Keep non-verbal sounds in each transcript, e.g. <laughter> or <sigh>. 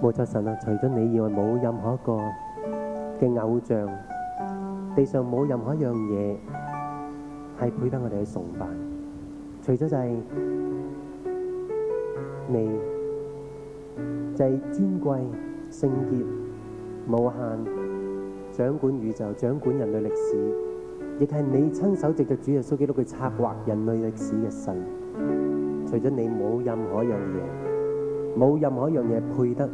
冇錯，神啊！除咗你以外，冇任何一個嘅偶像，地上冇任何一樣嘢，係配得我哋去崇拜。除咗就係你，就係、是、尊貴、聖潔、無限、掌管宇宙、掌管人類歷史，亦係你親手藉着主耶穌基督去策劃人類歷史嘅神。除咗你，冇任何一樣嘢，冇任何一樣嘢配得。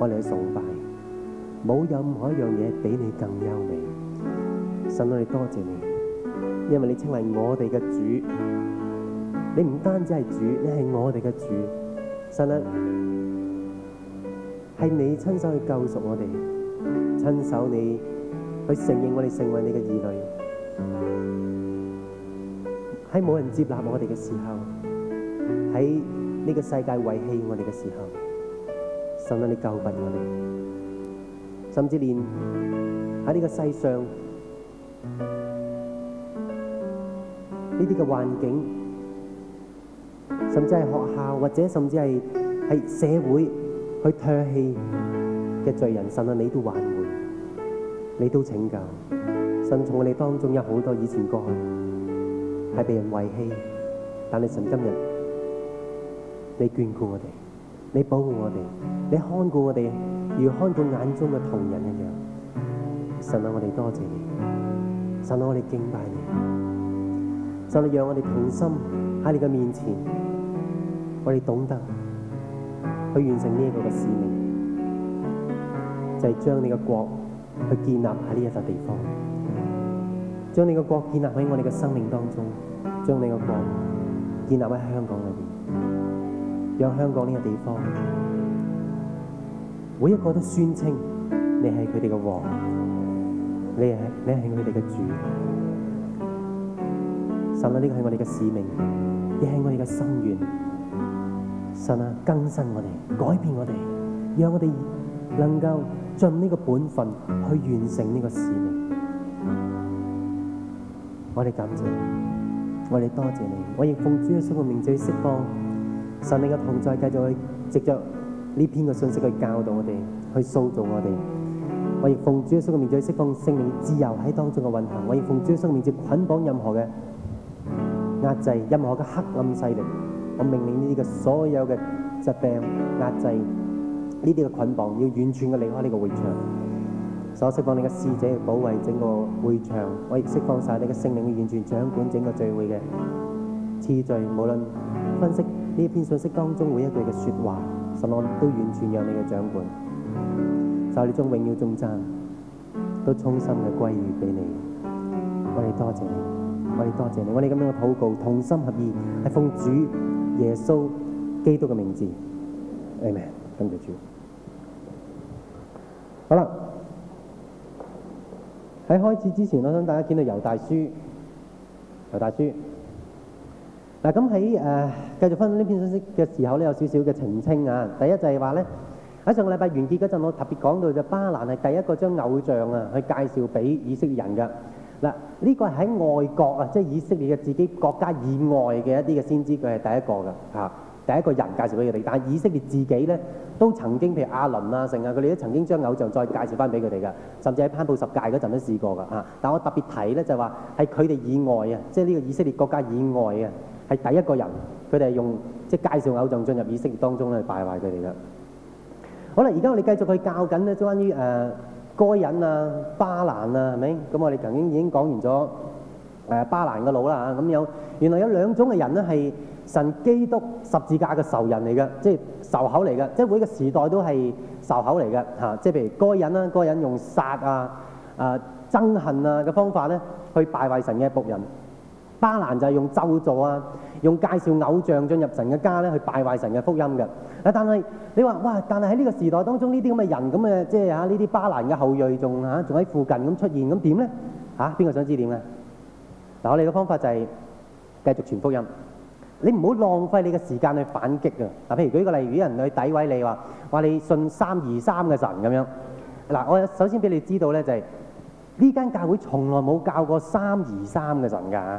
我哋去崇拜，冇任何一樣嘢比你更優美。神啊，我哋多謝你，因為你稱為我哋嘅主。你唔單止係主，你係我哋嘅主。神啊，係你親手去救贖我哋，親手你去承認我哋成為你嘅兒女。喺冇人接納我哋嘅時候，喺呢個世界遺棄我哋嘅時候。等等你救訓我哋，甚至連喺呢個世上呢啲嘅環境，甚至係學校或者甚至係係社會去唾棄嘅罪人，神啊，你都挽回，你都拯救。神從我哋當中有好多以前過去係被人遺棄，但係神今日你眷顧我哋。你保護我哋，你看顧我哋，如看顧眼中嘅瞳人一樣。神啊，我哋多謝你，神啊，我哋敬拜你，神啊，讓我哋同心喺你嘅面前，我哋懂得去完成呢個嘅使命，就係、是、將你嘅國去建立喺呢一笪地方，將你嘅國建立喺我哋嘅生命當中，將你嘅國建立喺香港裏邊。讓香港呢個地方，每一個都宣稱你係佢哋嘅王，你係你係佢哋嘅主。神啊，呢個係我哋嘅使命，亦係我哋嘅心願。神啊，更新我哋，改變我哋，讓我哋能夠盡呢個本分去完成呢個使命。我哋感謝，我哋多謝你。我亦奉主耶穌嘅名，最釋放。神你嘅同在，繼續去藉着呢篇嘅信息去教導我哋，去塑造我哋。我亦奉主耶穌嘅名再釋放聖靈自由喺當中嘅運行。我亦奉主耶穌嘅名再捆綁任何嘅壓制、任何嘅黑暗勢力。我命令呢啲嘅所有嘅疾病壓制、呢啲嘅捆綁要完全嘅離開呢個會場，所以釋放你嘅使者去保衛整個會場，我亦釋放晒你嘅聖靈，完全掌管整個聚會嘅次序，無論分析。呢篇信息當中每一句嘅說話，神我都完全有你嘅掌管，就你將永耀中貞，都衷心嘅歸於俾你。我哋多謝你，我哋多謝你，我哋咁樣嘅禱告同心合意，係奉主耶穌基督嘅名字，阿門。跟住住。好啦，喺開始之前，我想大家見到猶大書、猶大書。嗱，咁喺誒繼續分享呢篇信息嘅時候呢，有少少嘅澄清啊。第一就係話呢，喺上個禮拜完結嗰陣，我特別講到嘅巴蘭係第一個將偶像啊去介紹俾以色列人嘅嗱。呢、啊呢個係喺外國啊，即、就、係、是、以色列嘅自己國家以外嘅一啲嘅先知，佢係第一個嘅嚇、啊，第一個人介紹俾佢哋。但係以色列自己呢，都曾經譬如亞倫啊、成啊，佢哋都曾經將偶像再介紹翻俾佢哋嘅，甚至喺頒布十誡嗰陣都試過嘅嚇、啊。但我特別提呢，就係話係佢哋以外啊，即係呢個以色列國家以外啊。係第一個人，佢哋係用即係介紹偶像進入意識當中咧，去敗壞佢哋嘅。好啦，而家我哋繼續去教緊咧，即係關於誒、呃、該隱啊、巴蘭啊，係咪？咁我哋曾經已經講完咗誒、呃、巴蘭嘅腦啦。咁有原來有兩種嘅人咧，係神基督十字架嘅仇人嚟嘅，即係仇口嚟嘅。即係每個時代都係仇口嚟嘅嚇。即係譬如該隱啊、該隱用殺啊、誒、呃、憎恨啊嘅方法咧，去敗壞神嘅僕人。巴蘭就係用咒做啊，用介紹偶像進入神嘅家咧，去敗壞神嘅福音嘅。啊，但係你話哇，但係喺呢個時代當中，呢啲咁嘅人咁嘅，即係嚇呢啲巴蘭嘅後裔仲嚇仲喺附近咁出現，咁點咧嚇？邊、啊、個想知點咧？嗱，我哋嘅方法就係繼續傳福音。你唔好浪費你嘅時間去反擊啊。嗱，譬如舉個例，如果有人去詆毀你話，話你信三二三嘅神咁樣。嗱，我首先俾你知道咧、就係，就係呢間教會從來冇教過三二三嘅神㗎。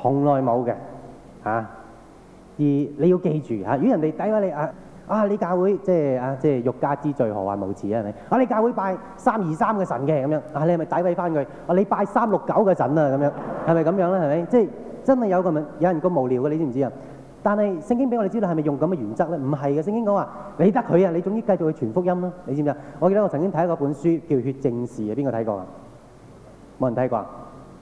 從來冇嘅嚇，而你要記住嚇、啊，如果人哋詆毀你啊啊，你教會即係啊即係欲加之罪何患無辭啊係咪？啊你教會拜三二三嘅神嘅咁樣啊你係咪詆毀翻佢？我、啊、你拜三六九嘅神啊咁樣，係咪咁樣咧？係咪即係真係有咁樣有人咁無聊嘅？你知唔知啊？但係聖經俾我哋知道係咪用咁嘅原則咧？唔係嘅，聖經講話你得佢啊，你總之繼續去傳福音咯。你知唔知啊？我記得我曾經睇過一本書叫《血證事》，邊個睇過啊？冇人睇過？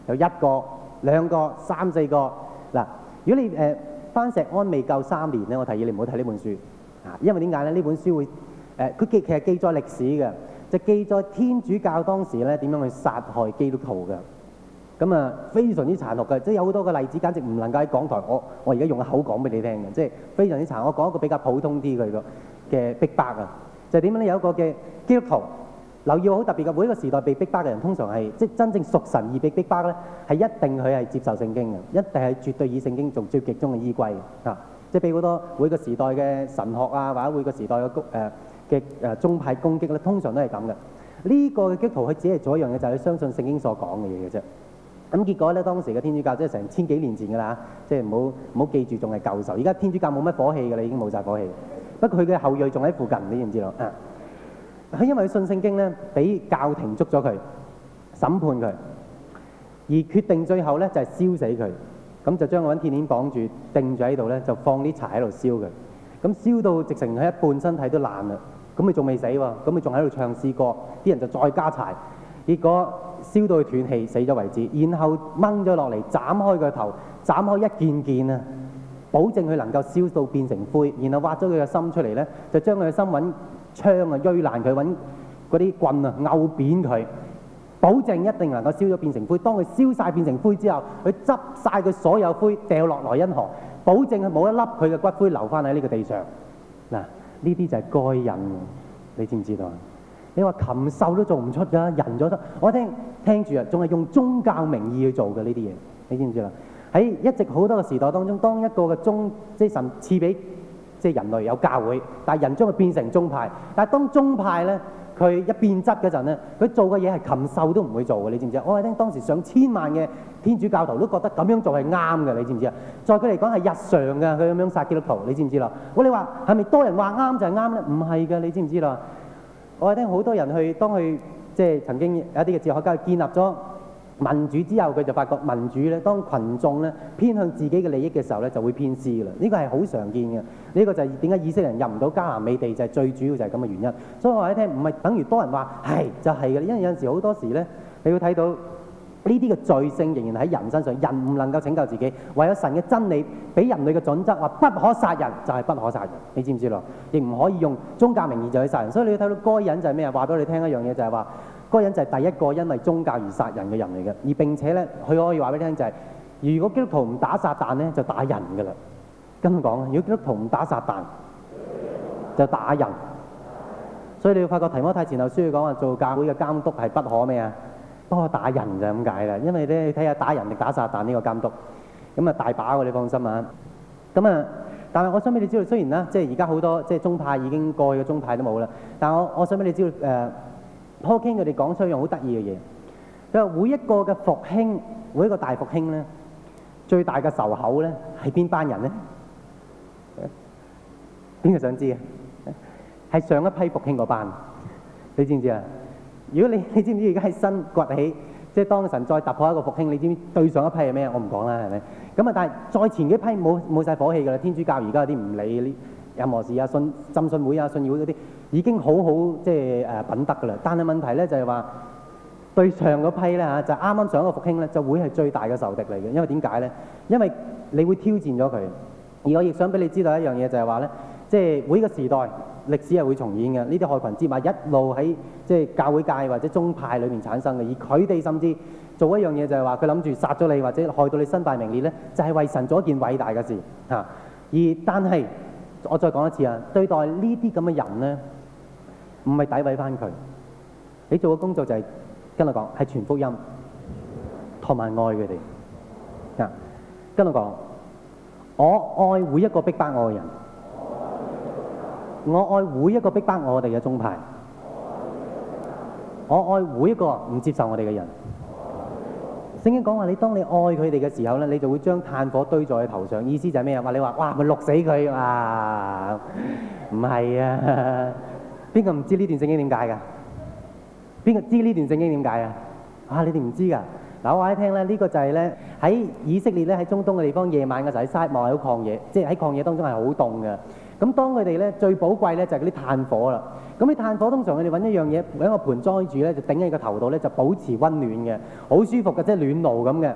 有一個。兩個、三四個嗱，如果你返翻、呃、石安未夠三年咧，我提議你唔好睇呢本書啊，因為點解咧？呢本書會佢、呃、其實記載歷史嘅，就記載天主教當時咧點樣去殺害基督徒嘅，咁啊非常之殘酷嘅，即、就、係、是、有好多個例子，簡直唔能夠喺講台我我而家用個口講俾你聽嘅，即、就、係、是、非常之殘酷。我講一個比較普通啲嘅嘅逼迫啊，就點、是、樣咧？有一個嘅基督徒。留意好特別嘅，每一個時代被逼迫嘅人，通常係即係真正屬神而被逼迫嘅咧，係一定佢係接受聖經嘅，一定係絕對以聖經做最極終嘅依歸啊，即係俾好多每一個時代嘅神學啊，或者每一個時代嘅攻嘅誒宗派攻擊咧，通常都係咁嘅。呢、這個嘅基督徒佢只係做一樣嘢，就係、是、相信聖經所講嘅嘢嘅啫。咁、啊、結果咧，當時嘅天主教即係成千幾年前噶啦，即係唔好唔好記住仲係舊仇。而家天主教冇乜火氣噶啦，已經冇晒火氣。不過佢嘅後裔仲喺附近，你知唔知啊？佢因為信聖經咧，俾教廷捉咗佢，審判佢，而決定最後咧就係、是、燒死佢。咁就將佢用鐵鏈綁住，定咗喺度咧，就放啲柴喺度燒佢。咁燒到直情佢一半身體都爛啦，咁佢仲未死喎、啊，咁佢仲喺度唱詩歌，啲人就再加柴，結果燒到佢斷氣死咗為止。然後掹咗落嚟，斬開個頭，斬開一件件啊，保證佢能夠燒到變成灰。然後挖咗佢嘅心出嚟咧，就將佢嘅心揾。槍啊，鋭爛佢揾嗰啲棍啊，勾扁佢，保證一定能夠燒咗變成灰。當佢燒晒變成灰之後，佢執晒佢所有灰掉落萊茵河，保證佢冇一粒佢嘅骨灰留翻喺呢個地上。嗱，呢啲就係該隱的，你知唔知道啊？你話禽獸都做唔出噶，人咗得。我聽聽住啊，仲係用宗教名義去做嘅呢啲嘢，你知唔知啦？喺一直好多個時代當中，當一個嘅宗即係神賜俾。即係人類有教會，但係人將佢變成宗派。但係當宗派咧，佢一變質嗰陣咧，佢做嘅嘢係禽獸都唔會做嘅，你知唔知啊？我係聽當時上千萬嘅天主教徒都覺得咁樣做係啱嘅，你知唔知啊？在佢嚟講係日常嘅，佢咁樣殺基督徒，你知唔知咯？我你話係咪多人話啱就係啱咧？唔係嘅，你知唔知咯？我係聽好多人去，當佢，即係曾經有一啲嘅哲學家去建立咗。民主之後，佢就發覺民主咧，當群眾咧偏向自己嘅利益嘅時候咧，就會偏私啦。呢個係好常見嘅。呢、這個就係點解以色列人入唔到迦南美地就係、是、最主要的就係咁嘅原因。所以我話俾你聽，唔係等於多人話係就係、是、嘅，因為有陣時好多時咧，你要睇到呢啲嘅罪性仍然喺人身上，人唔能夠拯救自己，唯有神嘅真理俾人類嘅準則話不可殺人就係、是、不可殺人，你知唔知咯？亦唔可以用宗教名義就去殺人。所以你要睇到該隱就係咩啊？話俾你哋聽一樣嘢就係、是、話。嗰個人就係第一個因為宗教而殺人嘅人嚟嘅，而並且咧，佢可以話俾你聽就係、是：如果基督徒唔打撒但咧，就打人噶啦。咁講，如果基督徒唔打撒但，就打人，打人。所以你會發覺，提摩太前後書要講話做教會嘅監督係不可咩啊？不可打人就咁解啦。因為咧，你睇下打人定打撒但呢個監督，咁啊大把喎，你放心啊。咁啊，但係我想俾你知道，雖然啦，即係而家好多即係宗派已經過去嘅宗派都冇啦，但係我我想俾你知道誒。呃 Paul King 佢哋講出一樣好得意嘅嘢，佢話每一個嘅復興，每一個大復興咧，最大嘅仇口咧係邊班人咧？邊個想知啊？係上一批復興嗰班，你知唔知啊？如果你你知唔知而家係新崛起，即係當神再突破一個復興，你知唔知對上一批係咩？我唔講啦，係咪？咁啊，但係再前幾批冇冇曬火氣噶啦，天主教而家有啲唔理啲任何事啊，信浸信會啊，信義會嗰啲。已經好好即係誒品德㗎啦，但係問題咧就係話對上嗰批咧嚇就啱啱上一個復興咧就會係最大嘅仇敵嚟嘅，因為點解咧？因為你會挑戰咗佢。而我亦想俾你知道一樣嘢，就係話咧，即係每個時代歷史係會重演嘅。呢啲害群之馬一路喺即係教會界或者宗派裏面產生嘅，而佢哋甚至做一樣嘢就係話佢諗住殺咗你或者害到你身敗名裂咧，就係、是、為神做一件偉大嘅事嚇、啊。而但係我再講一次啊，對待這些呢啲咁嘅人咧。唔係詆毀翻佢，你做嘅工作就係、是、跟佢講，係全福音，同埋愛佢哋。啊，跟佢講，我愛每一個逼迫我嘅人，我愛每一個逼迫我哋嘅宗派，我愛每一個唔接受我哋嘅人。聖經講話，你當你愛佢哋嘅時候咧，你就會將炭火堆在佢頭上。意思就係咩啊？話你話，哇！咪燙死佢啊？唔係啊！邊個唔知呢段聖經點解㗎？邊個知呢段聖經點解啊？啊！你哋唔知㗎。嗱，我話你聽咧，呢、這個就係咧，喺以色列咧，喺中東嘅地方，夜晚嘅時候喺沙漠喺曠野，即係喺曠野當中係好凍嘅。咁當佢哋咧，最寶貴咧就係嗰啲炭火啦。咁啲炭火通常佢哋揾一樣嘢揾個盆裝住咧，盤盤 Podcast，就頂喺個頭度咧就保持溫暖嘅，好舒服嘅，即、就、係、是、暖爐咁嘅。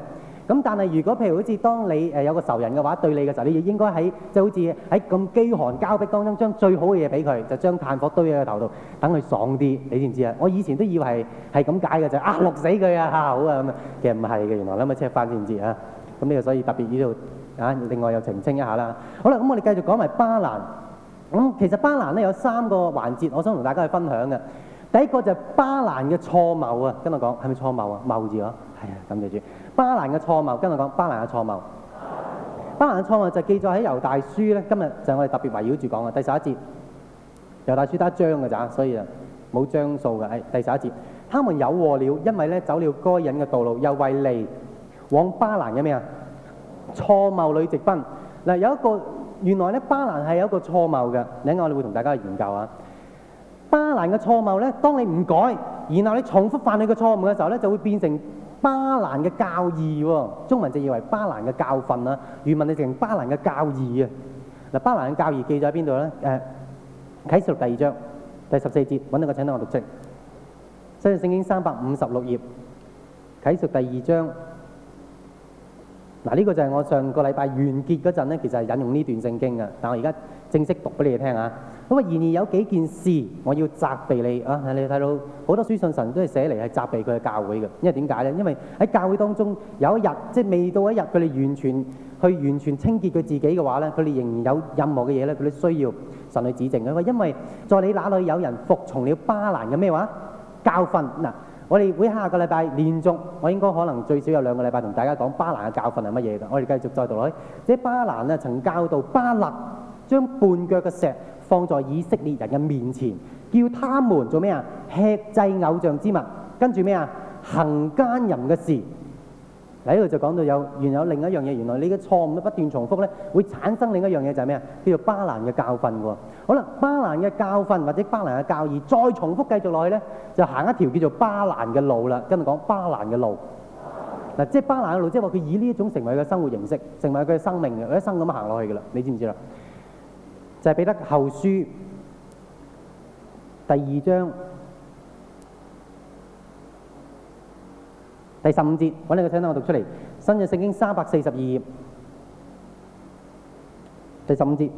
咁但係，如果譬如好似當你誒有個仇人嘅話，對你嘅時候，你亦應該喺就好似喺咁飢寒交迫當中，將最好嘅嘢俾佢，就將炭火堆喺個頭度，等佢爽啲。你知唔知啊？我以前都以為係咁解嘅，就啊，淥死佢啊嚇，好啊咁啊，其實唔係嘅，原來諗嘅即係發戰節啊。咁呢個所以特別呢度啊，另外又澄清一下啦。好啦，咁我哋繼續講埋巴蘭。咁、嗯、其實巴蘭咧有三個環節，我想同大家去分享嘅。第一個就係巴蘭嘅錯謬啊，跟我講係咪錯謬啊？謬字嗬，係啊，咁就住。巴蘭嘅錯謬，跟我講，巴蘭嘅錯謬。巴蘭嘅錯謬就記載喺猶大書咧。今日就我哋特別圍繞住講嘅。第十一節。猶大書得一章嘅咋，所以啊，冇章數嘅。誒，第十一節，他們有禍了，因為咧走了該隱嘅道路，又為利往巴蘭嘅咩啊？錯謬裏直奔。嗱，有一個原來咧巴蘭係有一個錯謬嘅，等下我哋會同大家研究啊。巴蘭嘅錯謬咧，當你唔改，然後你重複犯佢嘅錯誤嘅時候咧，就會變成。巴蘭嘅教義喎，中文就以為巴蘭嘅教訓啊。原文你，成巴蘭嘅教義啊。嗱，巴蘭嘅教義記咗喺邊度咧？誒，啟示第二章第十四節，揾到一個請到我讀出。所以聖經三百五十六頁，啟示第二章。嗱、這、呢個就係我上個禮拜完結嗰陣咧，其實係引用呢段聖經嘅，但係我而家。正式讀俾你哋聽吓！咁啊，然而有幾件事我要責備你啊！你睇到好多書信，神都係寫嚟係責備佢嘅教會嘅，因為點解咧？因為喺教會當中有一日，即係未到一日，佢哋完全去完全清潔佢自己嘅話咧，佢哋仍然有任何嘅嘢咧，佢哋需要神去指正嘅。因為在你那裏有人服從了巴蘭嘅咩話教訓嗱？我哋會下個禮拜連續，我應該可能最少有兩個禮拜同大家講巴蘭嘅教訓係乜嘢㗎？我哋繼續再讀落去，即係巴蘭啊，曾教導巴勒。將絆腳嘅石放在以色列人嘅面前，叫他們做咩啊？吃祭偶像之物，跟住咩啊？行奸淫嘅事。嗱，呢度就講到有原有另一樣嘢，原來你嘅錯誤不斷重複咧，會產生另一樣嘢就係咩啊？叫做巴蘭嘅教訓喎。好啦，巴蘭嘅教訓或者巴蘭嘅教義再重複繼續落去咧，就行一條叫做巴蘭嘅路啦。跟住講巴蘭嘅路嗱，即係巴蘭嘅路，即係話佢以呢一種成為佢嘅生活形式，成為佢嘅生命，佢一生咁行落去嘅啦。你知唔知啦？就係彼得後書第二章第十五節，搵你個請單，我讀出嚟。新約聖經三百四十二頁第十五節，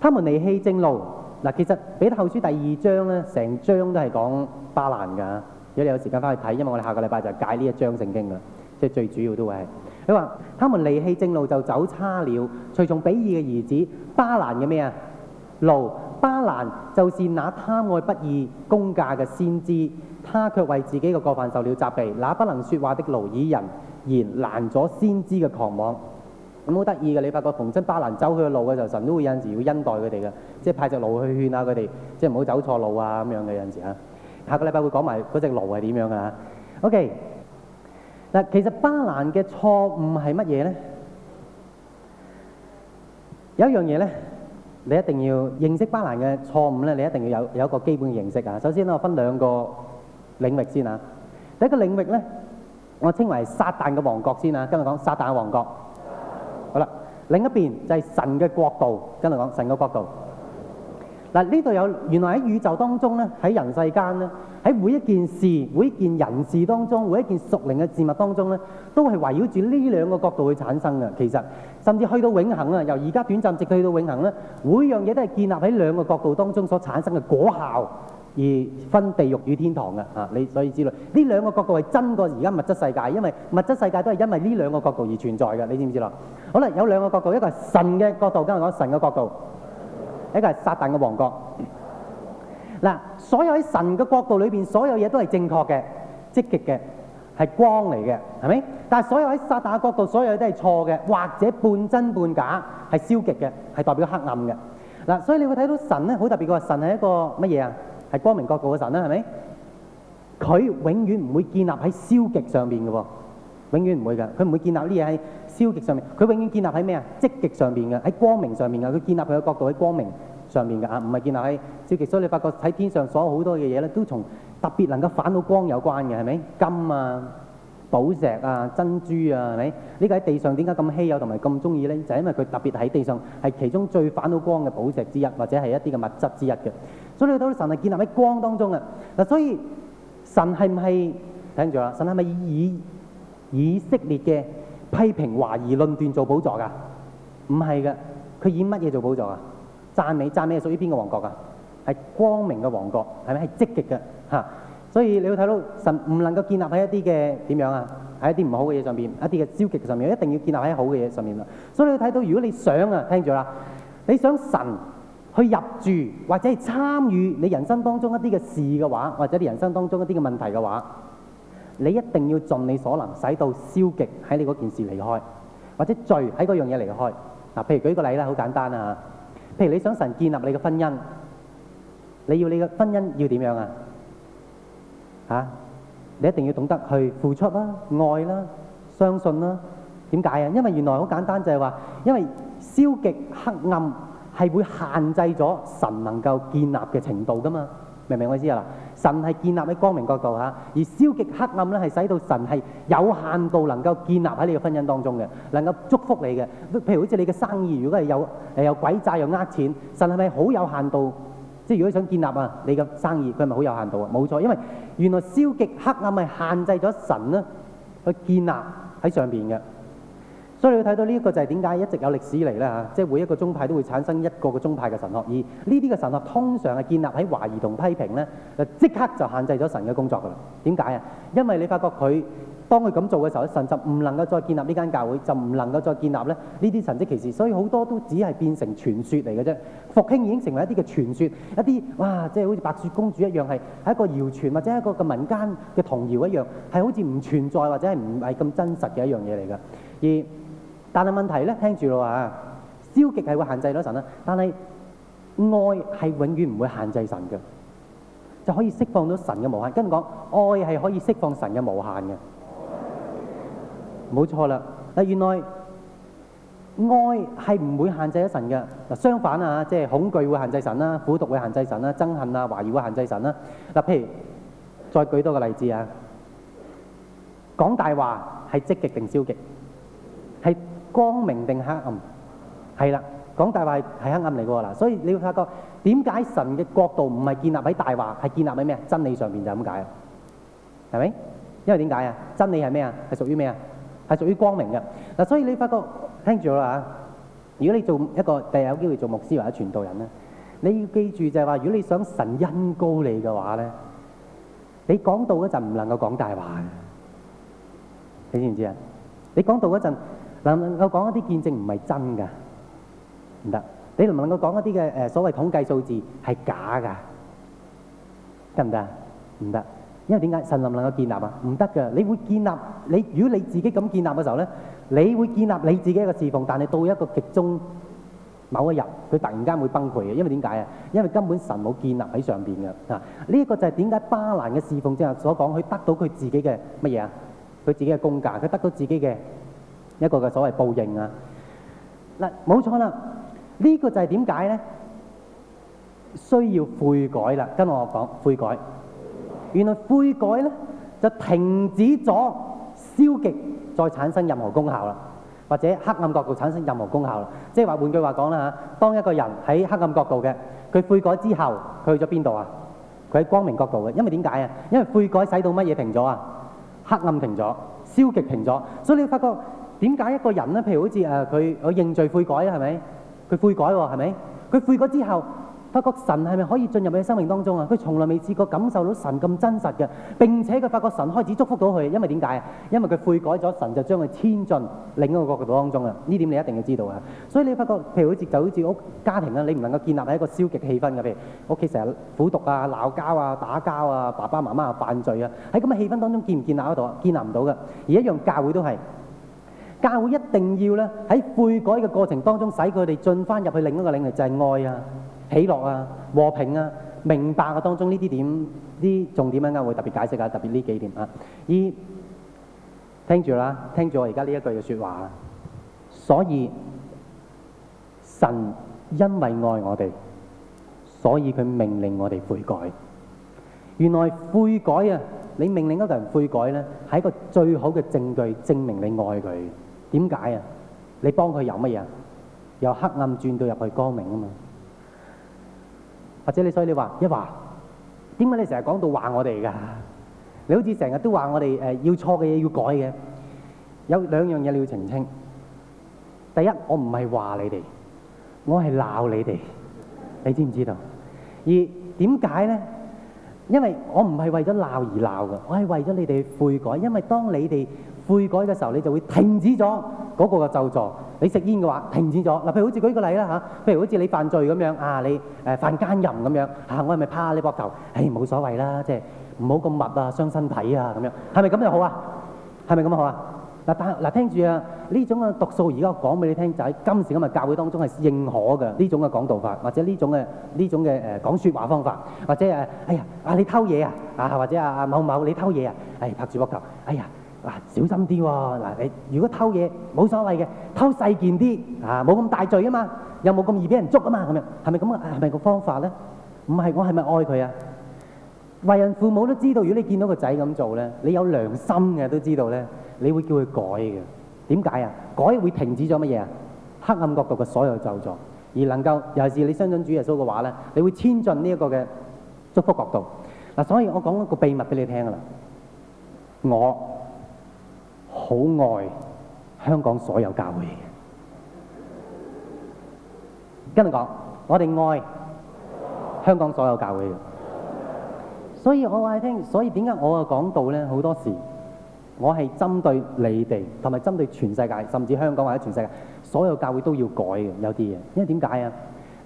他們離棄正路。嗱，其實彼得後書第二章咧，成章都係講巴蘭噶。如果你有時間翻去睇，因為我哋下個禮拜就係解呢一章聖經啦，即係最主要都會係。佢話，他們離棄正路，就走差了。隨從比爾嘅兒子巴蘭嘅咩啊？路巴蘭就是那貪愛不義、公價嘅先知，他卻為自己嘅過犯受了責備。那不能說話的驢以人言攔咗先知嘅狂妄。咁好得意嘅，你發覺逢親巴蘭走佢嘅路嘅時候，神都會有陣時會恩待佢哋嘅，即係派隻驢去勸下佢哋，即係唔好走錯路啊咁樣嘅有陣時啊。下個禮拜會講埋嗰隻驢係點樣嘅嚇。OK。嗱，其實巴蘭嘅錯誤係乜嘢咧？有一樣嘢咧，你一定要認識巴蘭嘅錯誤咧，你一定要有有一個基本認識啊。首先咧，我分兩個領域先啊。第一個領域咧，我稱為撒但嘅王國先啊，跟住講撒但嘅王國。好啦，另一邊就係神嘅國度，跟住講神嘅國度。嗱，呢度有原來喺宇宙當中咧，喺人世間咧，喺每一件事、每一件人事當中、每一件屬靈嘅事物當中咧，都係圍繞住呢兩個角度去產生嘅。其實甚至去到永恆啊，由而家短暫直至去到永恆咧，每樣嘢都係建立喺兩個角度當中所產生嘅果效而分地獄與天堂嘅。啊，你所以知道呢兩個角度係真過而家物質世界，因為物質世界都係因為呢兩個角度而存在嘅。你知唔知啦？好啦，有兩個角度，一個係神嘅角度，跟住講神嘅角度。一個係撒旦嘅王國，嗱，所有喺神嘅角度裏邊，所有嘢都係正確嘅、積極嘅，係光嚟嘅，係咪？但係所有喺撒旦嘅角度，所有嘢都係錯嘅，或者半真半假，係消極嘅，係代表黑暗嘅。嗱，所以你會睇到神咧，好特別嘅話，神係一個乜嘢啊？係光明國度嘅神啦，係咪？佢永遠唔會建立喺消極上面嘅喎，永遠唔會嘅，佢唔會建立呢嘢係消極上面，佢永遠建立喺咩啊？積極上面嘅，喺光明上面嘅。佢建立佢嘅角度喺光明上面嘅啊，唔係建立喺消極。所以你發覺喺天上所有好多嘅嘢咧，都同特別能夠反到光有關嘅，係咪？金啊、寶石啊、珍珠啊，係咪？呢個喺地上點解咁稀有同埋咁中意咧？就係因為佢特別喺地上係其中最反到光嘅寶石之一，或者係一啲嘅物質之一嘅。所以你睇到神係建立喺光當中嘅嗱，所以神係唔係聽住啦？神係咪以以色列嘅？批評、懷疑、論斷做寶座噶，唔係嘅，佢以乜嘢做寶座啊？讚美，讚美係屬於邊個王國噶？係光明嘅王國，係咪？係積極嘅嚇。所以你會睇到神唔能夠建立喺一啲嘅點樣啊？喺一啲唔好嘅嘢上面，一啲嘅消極上面，一定要建立喺好嘅嘢上面啦。所以你睇到，如果你想啊，聽住啦，你想神去入住或者係參與你人生當中一啲嘅事嘅話，或者你人生當中一啲嘅問題嘅話。你一定要盡你所能，使到消極喺你嗰件事離開，或者罪喺嗰樣嘢離開。嗱，譬如舉個例啦，好簡單啊。譬如你想神建立你嘅婚姻，你要你嘅婚姻要點樣啊？吓，你一定要懂得去付出啦、愛啦、相信啦。點解啊？因為原來好簡單，就係話，因為消極黑暗係會限制咗神能夠建立嘅程度噶嘛。明唔明我意思啊？神係建立喺光明角度吓，而消極黑暗咧，係使到神係有限度能夠建立喺你嘅婚姻當中嘅，能夠祝福你嘅。譬如好似你嘅生意，如果係有誒有鬼債又呃錢，神係咪好有限度？即、係、如果你想建立啊，你嘅生意佢係咪好有限度啊？冇錯，因為原來消極黑暗係限制咗神咧去建立喺上面嘅。所以你睇到呢一個就係點解一直有歷史嚟呢。吓，即係每一個宗派都會產生一個個宗派嘅神學。而呢啲嘅神學通常係建立喺懷疑同批評咧，即刻就限制咗神嘅工作㗎啦。點解啊？因為你發覺佢當佢咁做嘅時候，神就唔能夠再建立呢間教會，就唔能夠再建立咧呢啲神跡奇事。所以好多都只係變成傳說嚟嘅啫。復興已經成為一啲嘅傳說，一啲哇，即係好似白雪公主一樣，係係一個謠傳或者一個嘅民間嘅童謠一樣，係好似唔存在或者係唔係咁真實嘅一樣嘢嚟嘅。而但係問題咧，聽住咯啊！消極係會限制到神啦，但係愛係永遠唔會限制神嘅，就可以釋放到神嘅無限。跟住講，愛係可以釋放神嘅無限嘅，冇錯啦。嗱，原來愛係唔會限制到神嘅。嗱，相反啊，即係恐懼會限制神啦，苦毒會限制神啦，憎恨啊、懷疑會限制神啦。嗱，譬如再舉多個例子啊，講大話係積極定消極？光明能唔能夠講一啲見證唔係真㗎？唔得。你能唔能夠講一啲嘅，呃，所謂統計數字係假㗎？得唔得？唔得。因為點解？神能唔能夠建立呀？唔得㗎，你會建立你，如果你自己咁建立嘅時候咧，你會建立你自己一個侍奉，但係到一個極中某一日，佢突然間會崩潰嘅。因為點解呀？因為根本神冇建立喺上邊嘅。呢一個就係點解巴蘭嘅侍奉之後所講，佢得到佢自己嘅乜嘢呀？佢自己嘅功價，佢得到自己嘅。一個嘅所謂報應啊！嗱，冇錯啦，呢個就係點解咧？需要悔改啦。跟我講悔改，原來悔改咧就停止咗消極，再產生任何功效啦，或者黑暗角度產生任何功效啦。即係話換句話講啦嚇，當一個人喺黑暗角度嘅，佢悔改之後，佢去咗邊度啊？佢喺光明角度嘅，因為點解啊？因為悔改使到乜嘢停咗啊？黑暗停咗，消極停咗，所以你發覺。點解一個人咧？譬如好似誒佢佢認罪悔改啦，係咪？佢悔改喎，係咪？佢悔改之後，發覺神係咪可以進入佢嘅生命當中啊？佢從來未試過感受到神咁真實嘅，並且佢發覺神開始祝福到佢，因為點解啊？因為佢悔改咗，神就將佢遷進另一個國度當中啦。呢點你一定要知道啊！所以你發覺，譬如好似就好似屋家庭啦，你唔能夠建立喺一個消極氣氛嘅譬如屋企成日苦毒啊、鬧交啊、打交啊、爸爸媽媽啊、犯罪啊，喺咁嘅氣氛當中建唔建立得到啊？建立唔到嘅，而一樣教會都係。教會一定要咧，喺悔改嘅過程當中，使佢哋進翻入去另一個領域，就係愛啊、喜樂啊、和平啊、明白嘅當中呢啲點啲重點啊，教會特別解釋下，特別呢幾點啊。二聽住啦，聽住我而家呢一句嘅説話。所以神因為愛我哋，所以佢命令我哋悔改。原來悔改啊，你命令一個人悔改咧，係一個最好嘅證據，證明你愛佢。點解啊，你幫佢有乜嘢呀？悔改嘅時候，你就會停止咗嗰個嘅咒詛。你食煙嘅話，停止咗嗱。譬如好似舉個例啦嚇，譬如好似你犯罪咁樣啊，你誒犯奸淫咁樣嚇，我係咪拍你膊頭？誒、哎、冇所謂啦，即係唔好咁密啊，傷身體啊咁樣，係咪咁就好，是不是這樣好啊？係咪咁好啊？嗱，但嗱聽住啊，呢種嘅毒素而家講俾你聽，就喺、是、今時今日教會當中係認可嘅呢種嘅講道法，或者呢種嘅呢種嘅誒講説話方法，或者誒哎呀啊你偷嘢啊啊或者啊某某你偷嘢啊，誒拍住膊頭，哎呀！嗱、啊，小心啲喎！嗱，你如果偷嘢冇所謂嘅，偷細件啲嚇，冇、啊、咁大罪啊嘛，又冇咁易俾人捉啊嘛，咁樣係咪咁啊？係咪個方法咧？唔係我係咪愛佢啊？為人父母都知道，如果你見到個仔咁做咧，你有良心嘅都知道咧，你會叫佢改嘅。點解啊？改會停止咗乜嘢啊？黑暗角度嘅所有罪狀，而能夠尤其是你相信主耶穌嘅話咧，你會遷進呢一個嘅祝福角度。嗱，所以我講一個秘密俾你聽啦，我，好愛香港所有教會嘅，跟住講，我哋愛香港所有教會嘅，所以我話你聽。所以點解我嘅講道呢咧？好多時我係針對你哋，同埋針對全世界，甚至香港或者全世界所有教會都要改嘅，有啲嘢。因為點解啊？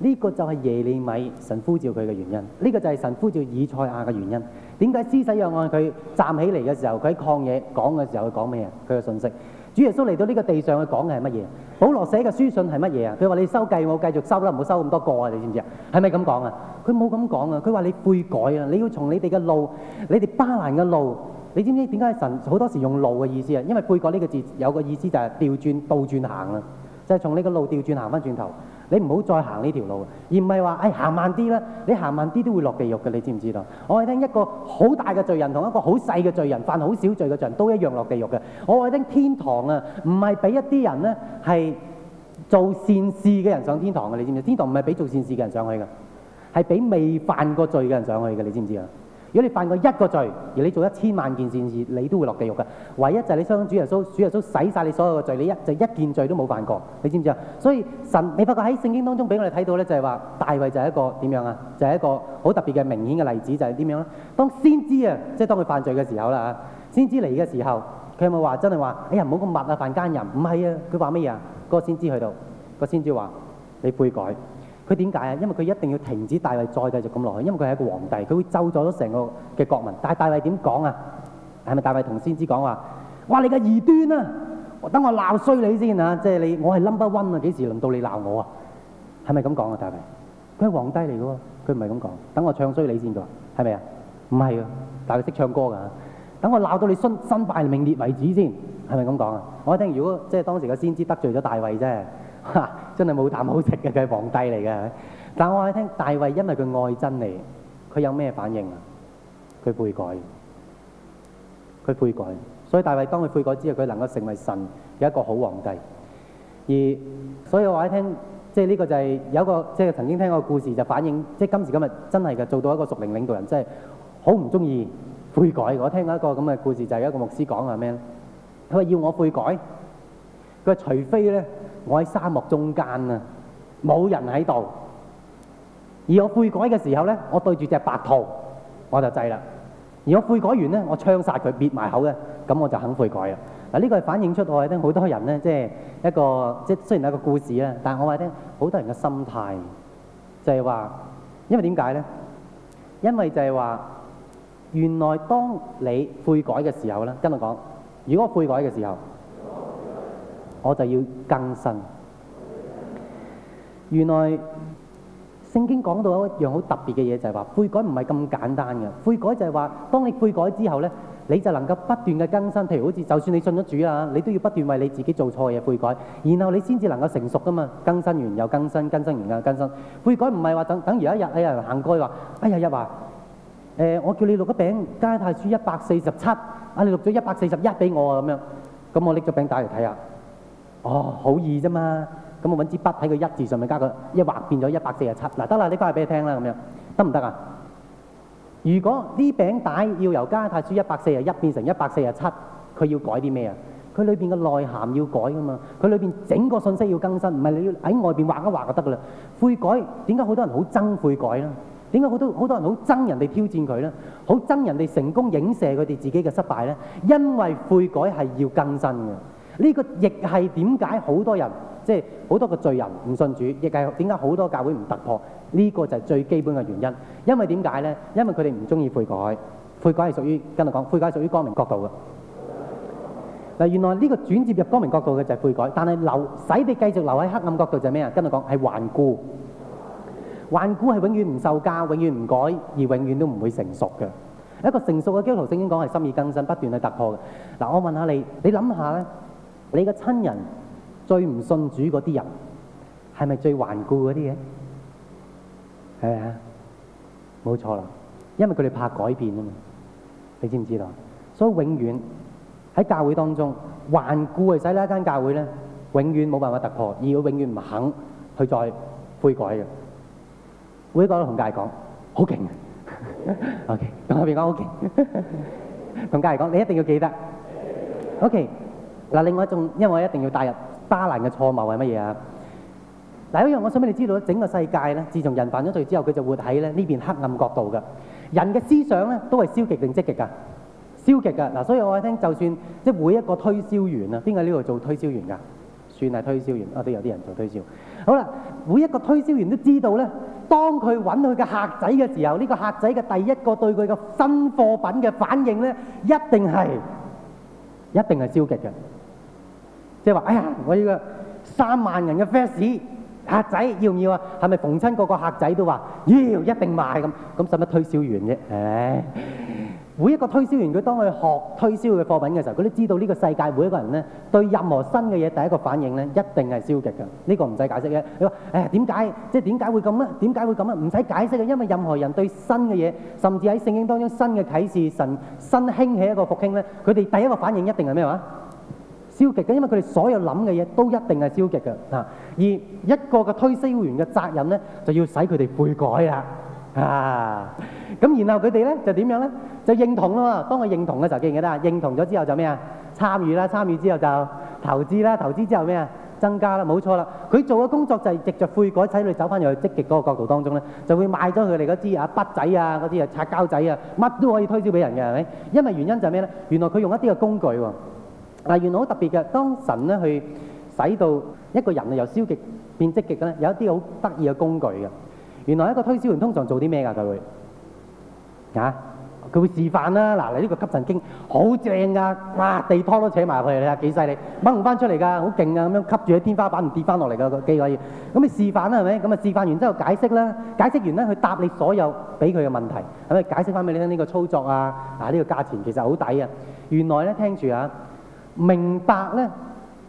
呢個就係耶利米神呼召佢嘅原因，呢個就係神呼召以賽亞嘅原因。點解施洗約翰佢站起嚟嘅時候，佢喺曠野講嘅時候，佢講咩啊？佢嘅信息，主耶穌嚟到呢個地上，去講嘅係乜嘢？保羅寫嘅書信係乜嘢啊？佢話你收計，我繼續收啦，唔好收咁多個啊！你知唔知啊？係咪咁講啊？佢冇咁講啊！佢話你悔改啊！你要從你哋嘅路，你哋巴蘭嘅路，你知唔知點解神好多時用路嘅意思啊？因為悔改呢個字有個意思就係調轉、倒轉行啊，就係、是、從呢個路調轉行翻轉頭。你唔好再行呢條路，而唔係話誒行慢啲啦。你行慢啲都會落地獄嘅，你知唔知道？我係聽一個好大嘅罪人同一個好細嘅罪人犯好少罪嘅罪人，都一樣落地獄嘅。我係聽天堂啊，唔係俾一啲人咧係做善事嘅人上天堂嘅，你知唔知？天堂唔係俾做善事嘅人上去嘅，係俾未犯過罪嘅人上去嘅，你知唔知啊？如果你犯過一個罪，而你做一千萬件善事，你都會落地獄噶。唯一就係你相信主耶穌，主耶穌洗晒你所有嘅罪，你一就一件罪都冇犯過。你知唔知啊？所以神，你發覺喺聖經當中俾我哋睇到咧，就係話大衛就係一個點樣啊？就係一個好特別嘅明顯嘅例子，就係點樣咧？當先知啊，即係當佢犯罪嘅時候啦啊，先知嚟嘅時候，佢係咪話真係話？哎呀，唔好咁密啊，犯奸淫，唔係啊，佢話乜嘢啊？個先知去到，個先知話你悔改。佢點解啊？因為佢一定要停止大衛再繼續咁落去，因為佢係一個皇帝，佢會咒咗咗成個嘅國民。但係大衛點講啊？係咪大衛同先知講話？話你嘅異端啊！等我鬧衰你先啊！即係你，我係 number one 啊！幾時輪到你鬧我啊？係咪咁講啊？大衛，佢係皇帝嚟嘅喎，佢唔係咁講。等我唱衰你先㗎，係咪啊？唔係啊，大衛識唱歌㗎。等我鬧到你身身敗名裂為止先，係咪咁講啊？我一定，如果即係當時個先知得罪咗大衛啫。嚇！ <laughs> 真係冇啖好食嘅，佢係皇帝嚟嘅。但我話你聽大衛，因為佢愛真理，佢有咩反應啊？佢悔改，佢悔改。所以大衛當佢悔改之後，佢能夠成為神有一個好皇帝。而所以我話你聽，即係呢個就係有一個即係、就是、曾經聽過個故事就反映，即、就、係、是、今時今日真係嘅做到一個屬靈領導人，真係好唔中意悔改。我聽過一個咁嘅故事就係、是、一個牧師講話咩？佢話要我悔改，佢話除非咧。我喺沙漠中間啊，冇人喺度。而我悔改嘅時候咧，我對住隻白兔，我就制啦。而我悔改完咧，我槍殺佢，滅埋口嘅，咁我就肯悔改啦。嗱，呢個係反映出我哋咧，好多人咧，即係一個即係雖然係一個故事啦，但係我話咧，好多人嘅心態就係話，因為點解咧？因為就係話，原來當你悔改嘅時候咧，跟我講，如果我悔改嘅時候。我就要更新。原來聖經講到一樣好特別嘅嘢，就係話悔改唔係咁簡單嘅悔改就係話，當你悔改之後咧，你就能夠不斷嘅更新。譬如好似就算你信咗主啊，你都要不斷為你自己做錯嘢悔改，然後你先至能夠成熟噶嘛。更新完又更新，更新完又更新。悔改唔係話等於，而一日哎呀行街話哎呀一話誒，我叫你錄個餅，加太書一百四十七啊，你錄咗一百四十一俾我啊咁樣，咁我拎咗餅帶嚟睇下。哦，好易啫嘛！咁我揾支筆喺個一字上面加個一畫變咗一百四十七，嗱得啦，你翻去俾你聽啦，咁樣得唔得啊？如果呢餅帶要由加泰書一百四十一變成一百四十七，佢要改啲咩啊？佢裏邊嘅內涵要改噶嘛？佢裏邊整個信息要更新，唔係你要喺外邊畫一畫就得噶啦。悔改。點解好多人好憎悔改呢？點解好多好多人好憎人哋挑戰佢呢？好憎人哋成功影射佢哋自己嘅失敗呢？因為悔改係要更新嘅。呢個亦係點解好多人即係好多個罪人唔信主，亦係點解好多教會唔突破。呢個就係最基本嘅原因。因為點解咧？因為佢哋唔中意悔改，悔改係屬於，跟住講，悔改係屬於光明角度嘅嗱。原來呢個轉接入光明角度嘅就係悔改，但係留使你繼續留喺黑暗角度就係咩啊？跟住講係頑固，頑固係永遠唔受教、永遠唔改而永遠都唔會成熟嘅一個成熟嘅基督徒。正經講係心意更新，不斷去突破嘅嗱。我問下你，你諗下咧？你嘅親人最唔信主嗰啲人，係咪最頑固嗰啲嘅？係咪啊？冇錯啦，因為佢哋怕改變啊嘛。你知唔知道？所以永遠喺教會當中頑固係使呢一間教會咧，永遠冇辦法突破，而佢永遠唔肯去再悔改嘅。會講到同佳怡講，好勁啊！OK，同後邊講 OK，同佳怡講，你一定要記得。OK。嗱，另外一種，因為我一定要帶入巴蘭嘅錯謬係乜嘢啊？嗱，因為我想俾你知道，整個世界咧，自從人犯咗罪之後，佢就會喺咧呢邊黑暗角度嘅。人嘅思想咧，都係消極定積極噶？消極噶。嗱，所以我聽，就算即每一個推銷員啊，邊個喺呢度做推銷員噶？算係推銷員，啊都有啲人做推銷。好啦，每一個推銷員都知道咧，當佢揾佢嘅客仔嘅時候，呢個客仔嘅第一個對佢嘅新貨品嘅反應咧，一定係一定係消極嘅。即係話，哎呀，我呢個三萬人嘅 fans 客仔要唔要啊？係咪逢親個個客仔都話，要，一定買咁？咁使乜推銷員啫？唉，每一個推銷員，佢當佢學推銷嘅貨品嘅時候，佢都知道呢個世界每一個人咧，對任何新嘅嘢第一個反應咧，一定係消極嘅。呢個唔使解釋嘅。你話，哎呀，點解？即係點解會咁啊？點解會咁啊？唔使解釋嘅，因為任何人對新嘅嘢，甚至喺聖經當中新嘅啟示、神新興起一個復興咧，佢哋第一個反應一定係咩話？消極嘅，因為佢哋所有諗嘅嘢都一定係消極嘅啊。而一個嘅推銷員嘅責任咧，就要使佢哋悔改啦啊。咁然後佢哋咧就點樣咧？就認同咯。當佢認同嘅時候，記唔記得啊？認同咗之後就咩啊？參與啦，參與之後就投資啦，投資之後咩啊？增加啦，冇錯啦。佢做嘅工作就係藉著悔改，使你走翻入去積極嗰個角度當中咧，就會賣咗佢哋嗰啲啊筆仔啊嗰啲啊擦膠仔啊，乜都可以推銷俾人嘅，係咪？因為原因就係咩咧？原來佢用一啲嘅工具喎。嗱，原來好特別嘅。當神咧去使到一個人啊，由消極變積極嘅咧，有一啲好得意嘅工具嘅。原來一個推銷員通常做啲咩噶？佢會啊，佢會示範啦。嗱，你呢個吸塵機好正㗎，哇！地拖都扯埋去，你呀，幾犀利，掹唔翻出嚟㗎，好勁啊！咁樣吸住喺天花板唔跌翻落嚟㗎個機位。咁你示範啦，係咪？咁啊示範完之後解釋啦，解釋完咧，佢答你所有俾佢嘅問題，係咪解釋翻俾你聽呢個操作啊，嗱呢個價錢其實好抵啊。原來咧聽住啊～明白呢,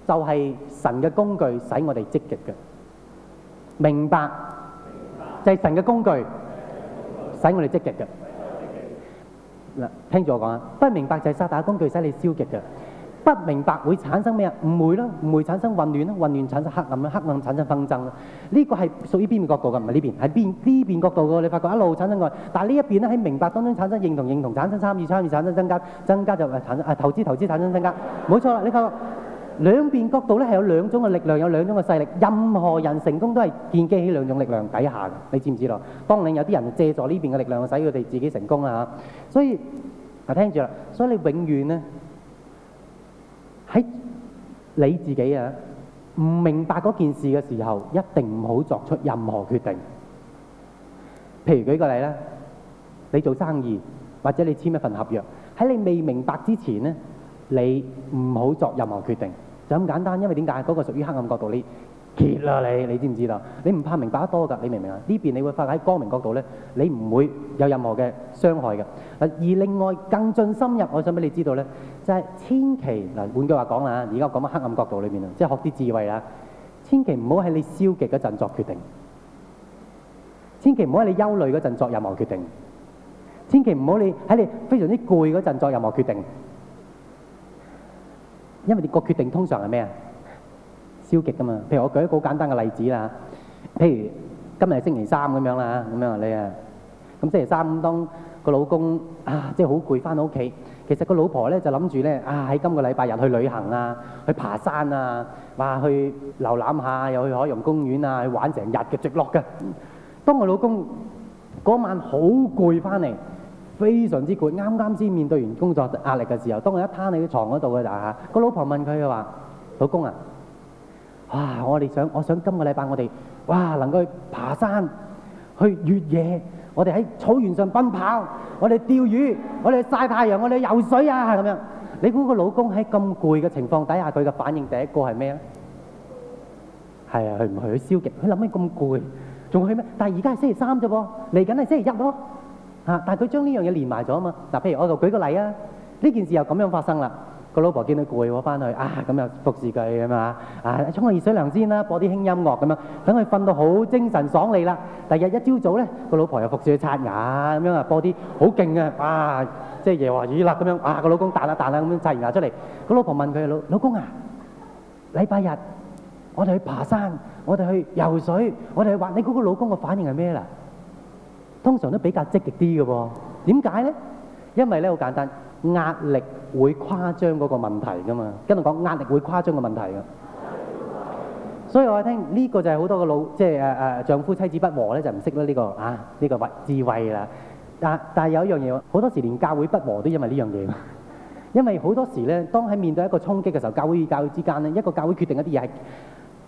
就係神嘅工具使我哋積極嘅。不明白會產生咩啊？唔會啦，唔會產生混亂啦，混亂產生黑暗啦，黑暗產生紛爭啦。呢、這個係屬於邊個角度㗎？唔係呢邊，係邊呢邊角度㗎？你發覺一路產生愛，但係呢一邊咧喺明白當中產生認同，認同產生參與，參與產生增加，增加就誒、啊、產生誒投資，投資產生增加。冇錯啦，你發覺兩邊角度咧係有兩種嘅力量，有兩種嘅勢力。任何人成功都係建基喺兩種力量底下嘅，你知唔知咯？當你有啲人借助呢邊嘅力量使佢哋自己成功啦嚇。所以嗱，聽住啦，所以你永遠呢。喺你自己啊，唔明白嗰件事嘅時候，一定唔好作出任何決定。譬如舉個例啦，你做生意或者你簽一份合約，喺你未明白之前咧，你唔好作任何決定，就咁簡單。因為點解？嗰個屬於黑暗角度呢？揭啦你，你知唔知道？你唔怕明白得多噶？你明唔明啊？呢邊你會發喺光明角度咧，你唔會有任何嘅傷害嘅。而另外更進深入，我想俾你知道咧，就係、是、千祈嗱，換句話講啦，而家我講緊黑暗角度裏面啊，即係學啲智慧啦，千祈唔好喺你消極嗰陣作決定，千祈唔好喺你憂慮嗰陣作任何決定，千祈唔好你喺你非常之攰嗰陣作任何決定，因為你個決定通常係咩啊？消極噶嘛？譬如我舉一個好簡單嘅例子啦，譬如今日星期三咁樣啦，咁樣你啊，咁星期三當個老公啊，即係好攰，翻到屋企，其實個老婆咧就諗住咧啊，喺今個禮拜日去旅行啊，去爬山啊，話去瀏覽下，又去海洋公園啊，去玩成日嘅，直落嘅。當個老公嗰晚好攰，翻嚟非常之攰，啱啱先面對完工作壓力嘅時候，當我一攤喺牀嗰度嘅就嚇個老婆問佢嘅話：老公啊。哇！我哋想，我想今個禮拜我哋哇，能夠去爬山，去越野，我哋喺草原上奔跑，我哋釣魚，我哋曬太陽，我哋游水啊，咁樣。你估個老公喺咁攰嘅情況底下，佢嘅反應第一個係咩啊？係啊，佢唔去，去消極，佢諗起咁攰，仲去咩？但係而家係星期三啫噃，嚟緊係星期一咯。啊！但係佢將呢樣嘢連埋咗啊嘛。嗱，譬如我就舉個例啊，呢件事又咁樣發生啦。個老婆見到攰喎，翻去啊咁又服侍佢啊嘛，啊衝個熱水涼先啦，播啲輕音樂咁樣，等佢瞓到好精神爽利啦。第日一朝早咧，個老婆又服侍佢刷牙咁樣啊，播啲好勁啊，啊！即係《夜話》已啦咁樣，啊！個老公彈下彈下咁樣刷牙出嚟，個老婆問佢老，老公啊，禮拜日我哋去爬山，我哋去游水，我哋去滑，你嗰個老公嘅反應係咩啦？通常都比較積極啲嘅喎，點解咧？因為咧好簡單。壓力會誇張嗰個問題㗎嘛，跟住講壓力會誇張嘅問題㗎，所以我聽呢個就係好多個老，即係誒誒丈夫妻子不和咧就唔識啦呢個啊呢個慧智慧啦，但但係有一樣嘢好多時連教會不和都因為呢樣嘢，因為好多時咧當喺面對一個衝擊嘅時候，教會與教會之間咧一個教會決定一啲嘢係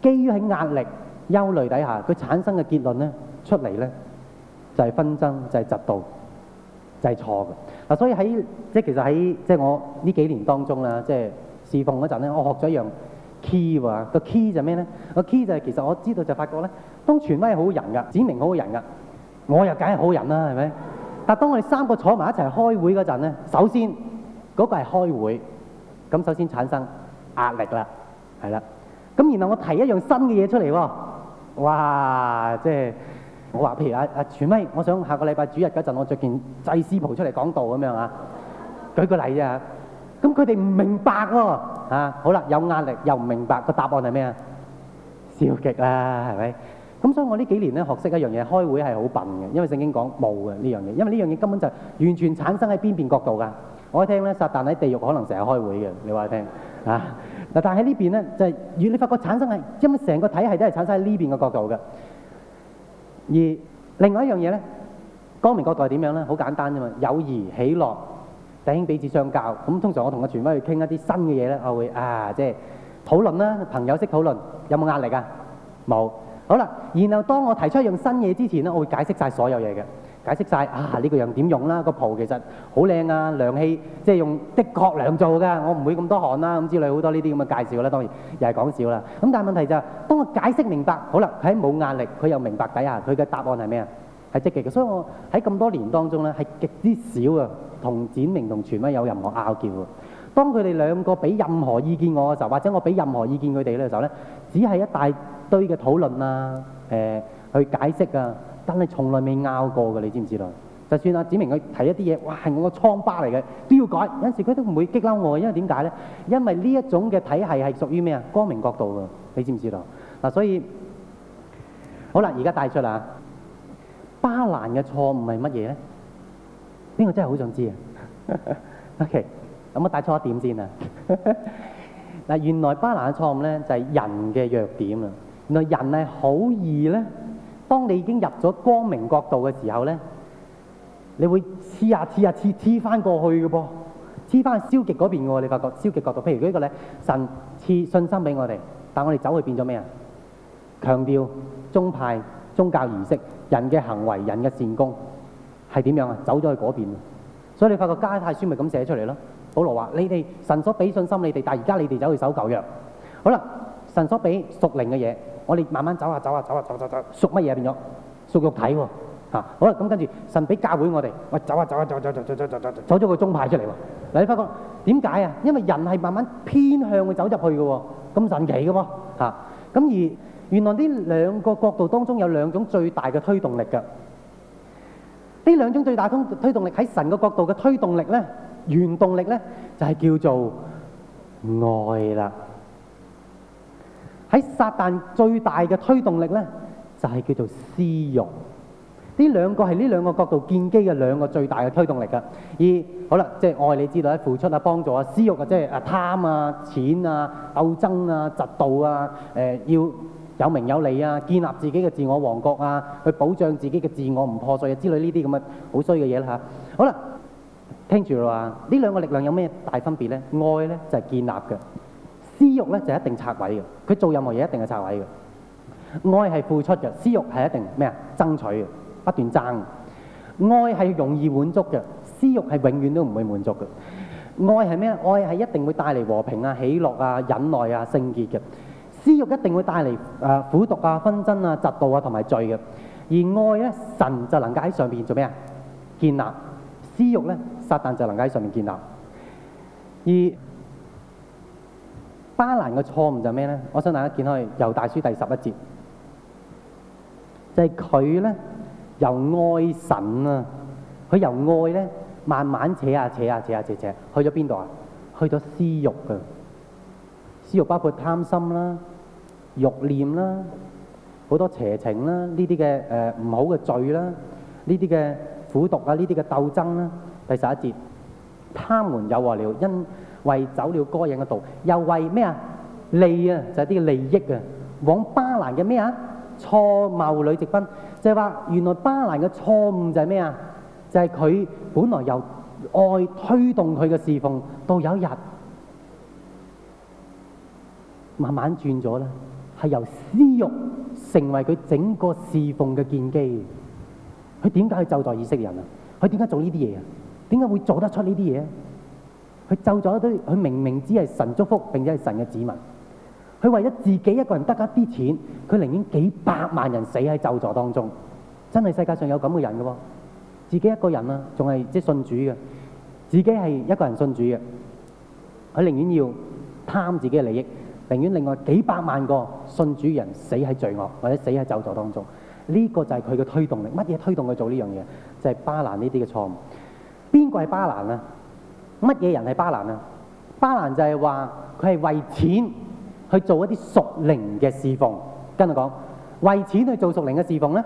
基於喺壓力、憂慮底下佢產生嘅結論咧出嚟咧就係紛爭就係嫉妒。就係錯嘅嗱，啊，所以喺即係其實喺即係我呢幾年當中啦，即係侍奉嗰陣咧，我學咗一樣 key 喎，個 key 就係咩咧？個 key 就係其實我知道就發覺咧，當權威係好人㗎，指明好人㗎，我又梗係好人啦，係咪？ <laughs> 但係當我哋三個坐埋一齊開會嗰陣咧，首先嗰個係開會，咁首先產生壓力啦，係啦，咁然後我提一樣新嘅嘢出嚟喎，哇！即係。我話譬如阿阿、啊啊、全威，我想下個禮拜主日嗰陣，我着件祭司袍出嚟講道咁樣啊，舉個例啫嚇。咁佢哋唔明白喎、哦啊，好啦，有壓力又唔明白，個答案係咩啊？笑極啦，係咪？咁所以我呢幾年咧學識一樣嘢，開會係好笨嘅，因為聖經講冇嘅呢樣嘢，因為呢樣嘢根本就完全產生喺邊邊角度㗎。我一聽咧撒旦喺地獄可能成日開會嘅，你話聽啊？嗱，但喺呢邊咧就係、是、原你發覺產生係因為成個體系都係產生喺呢邊嘅角度嘅。而另外一樣嘢呢，光明國度係點樣呢？好簡單啫嘛，友誼喜樂，弟兄彼此相交。咁通常我同個全輝去傾一啲新嘅嘢呢，我會啊，即係討論啦，朋友式討論，有冇壓力啊？冇。好啦，然後當我提出一樣新嘢之前呢，我會解釋晒所有嘢嘅。解釋曬啊，呢個樣點用啦，個袍其實好靚啊，涼氣即係用的確涼做㗎，我唔會咁多汗啦，咁之類，好多呢啲咁嘅介紹啦，當然又係講笑啦。咁但係問題就係，當我解釋明白，好啦，佢喺冇壓力，佢又明白底下，佢嘅答案係咩啊？係積極嘅。所以我喺咁多年當中咧，係極之少啊，同展明同傳威有任何拗撬㗎。當佢哋兩個俾任何意見我嘅時候，或者我俾任何意見佢哋咧嘅時候咧，只係一大堆嘅討論啊，誒去解釋啊。但係從來未拗過嘅，你知唔知道？就算阿子明佢睇一啲嘢，哇，係我個瘡疤嚟嘅，都要改。有陣時佢都唔會激嬲我，因為點解咧？因為呢一種嘅體系係屬於咩啊？光明角度㗎，你知唔知道？嗱，所以好啦，而家帶出啦。巴蘭嘅錯誤係乜嘢咧？邊個真係好想知啊 <laughs> ？OK，咁我帶出一點先啊。嗱， <laughs> 原來巴蘭嘅錯誤咧就係人嘅弱點啦。原來人係好易咧。當你已經入咗光明角度嘅時候咧，你會黐下黐下黐黐翻過去嘅噃，黐翻消極嗰邊嘅喎，你發覺消極角度，譬如呢、這、一個呢，神賜信心俾我哋，但我哋走去變咗咩啊？強調宗派、宗教儀式、人嘅行為、人嘅善功係點樣啊？走咗去嗰邊，所以你發覺加太書咪咁寫出嚟咯。保羅話：你哋神所俾信心你哋，但而家你哋走去守舊約。好啦，神所俾屬靈嘅嘢。我哋慢慢走吓走吓走吓走走走，屬乜嘢變咗？屬肉體喎，吓，好啦，咁跟住神俾教會我哋，我走吓走吓走走走走走走走，走咗個宗派出嚟喎，嗱，你發覺點解呀？因為人係慢慢偏向會走入去嘅喎，咁神奇嘅喎？吓，咁而原來呢兩個角度當中有兩種最大嘅推動力㗎，呢兩種最大推動力喺神嘅角度嘅推動力呢，原動力呢，就係叫做愛啦。喺撒旦最大嘅推動力呢，就係、是、叫做私慾。呢兩個係呢兩個角度建基嘅兩個最大嘅推動力噶。二好啦，即係愛，你知道啦，付出啊、幫助啊，私慾啊，即係啊貪啊、錢啊、鬥爭啊、嫉妒啊，誒、呃、要有名有利啊，建立自己嘅自我王國啊，去保障自己嘅自我唔破碎啊之類呢啲咁嘅好衰嘅嘢啦嚇。好啦，聽住話，呢兩個力量有咩大分別呢？愛呢，就係、是、建立嘅。私欲咧就一定是拆毀嘅，佢做任何嘢一定係拆毀嘅。愛係付出嘅，私欲係一定咩啊？爭取嘅，不斷爭。愛係容易滿足嘅，私欲係永遠都唔會滿足嘅。愛係咩啊？愛係一定會帶嚟和平啊、喜樂啊、忍耐啊、聖潔嘅。私欲一定會帶嚟誒苦毒啊、紛爭啊、嫉妒啊同埋罪嘅。而愛咧，神就能夠喺上邊做咩啊？建立。私欲咧，撒旦就能夠喺上面建立。而巴蘭嘅錯誤就咩咧？我想大家見開，猶大書第十一節，就係佢咧由愛神啊，佢由愛咧慢慢扯下、啊、扯下、啊、扯下、啊、扯扯，去咗邊度啊？去咗私欲啊！私欲包括貪心啦、啊、慾念啦、啊、好多邪情啦、啊，呢啲嘅誒唔好嘅罪啦、啊，呢啲嘅苦毒啊，呢啲嘅鬥爭啦、啊。第十一節，他們有禍了！因為走了該隱嘅道，又為咩啊利啊，就係、是、啲利益啊，往巴蘭嘅咩啊錯謬裏直奔，就係、是、話原來巴蘭嘅錯誤就係咩啊？就係、是、佢本來由愛推動佢嘅侍奉，到有一日慢慢轉咗啦，係由私欲成為佢整個侍奉嘅建基。佢點解去咒詛以色列人啊？佢點解做呢啲嘢啊？點解會做得出呢啲嘢？佢咒咗一堆，佢明明只係神祝福，並且係神嘅子民。佢為咗自己一個人得一啲錢，佢寧願幾百萬人死喺咒詛當中。真係世界上有咁嘅人嘅喎，自己一個人啊，仲係即係信主嘅，自己係一個人信主嘅，佢寧願要貪自己嘅利益，寧願另外幾百萬個信主人死喺罪惡或者死喺咒詛當中。呢、這個就係佢嘅推動力，乜嘢推動佢做呢樣嘢？就係、是、巴，巴蘭呢啲嘅錯誤。邊個係巴蘭啊？乜嘢人係巴蘭啊？巴蘭就係話佢係為錢去做一啲屬靈嘅侍奉。跟住講，為錢去做屬靈嘅侍奉咧，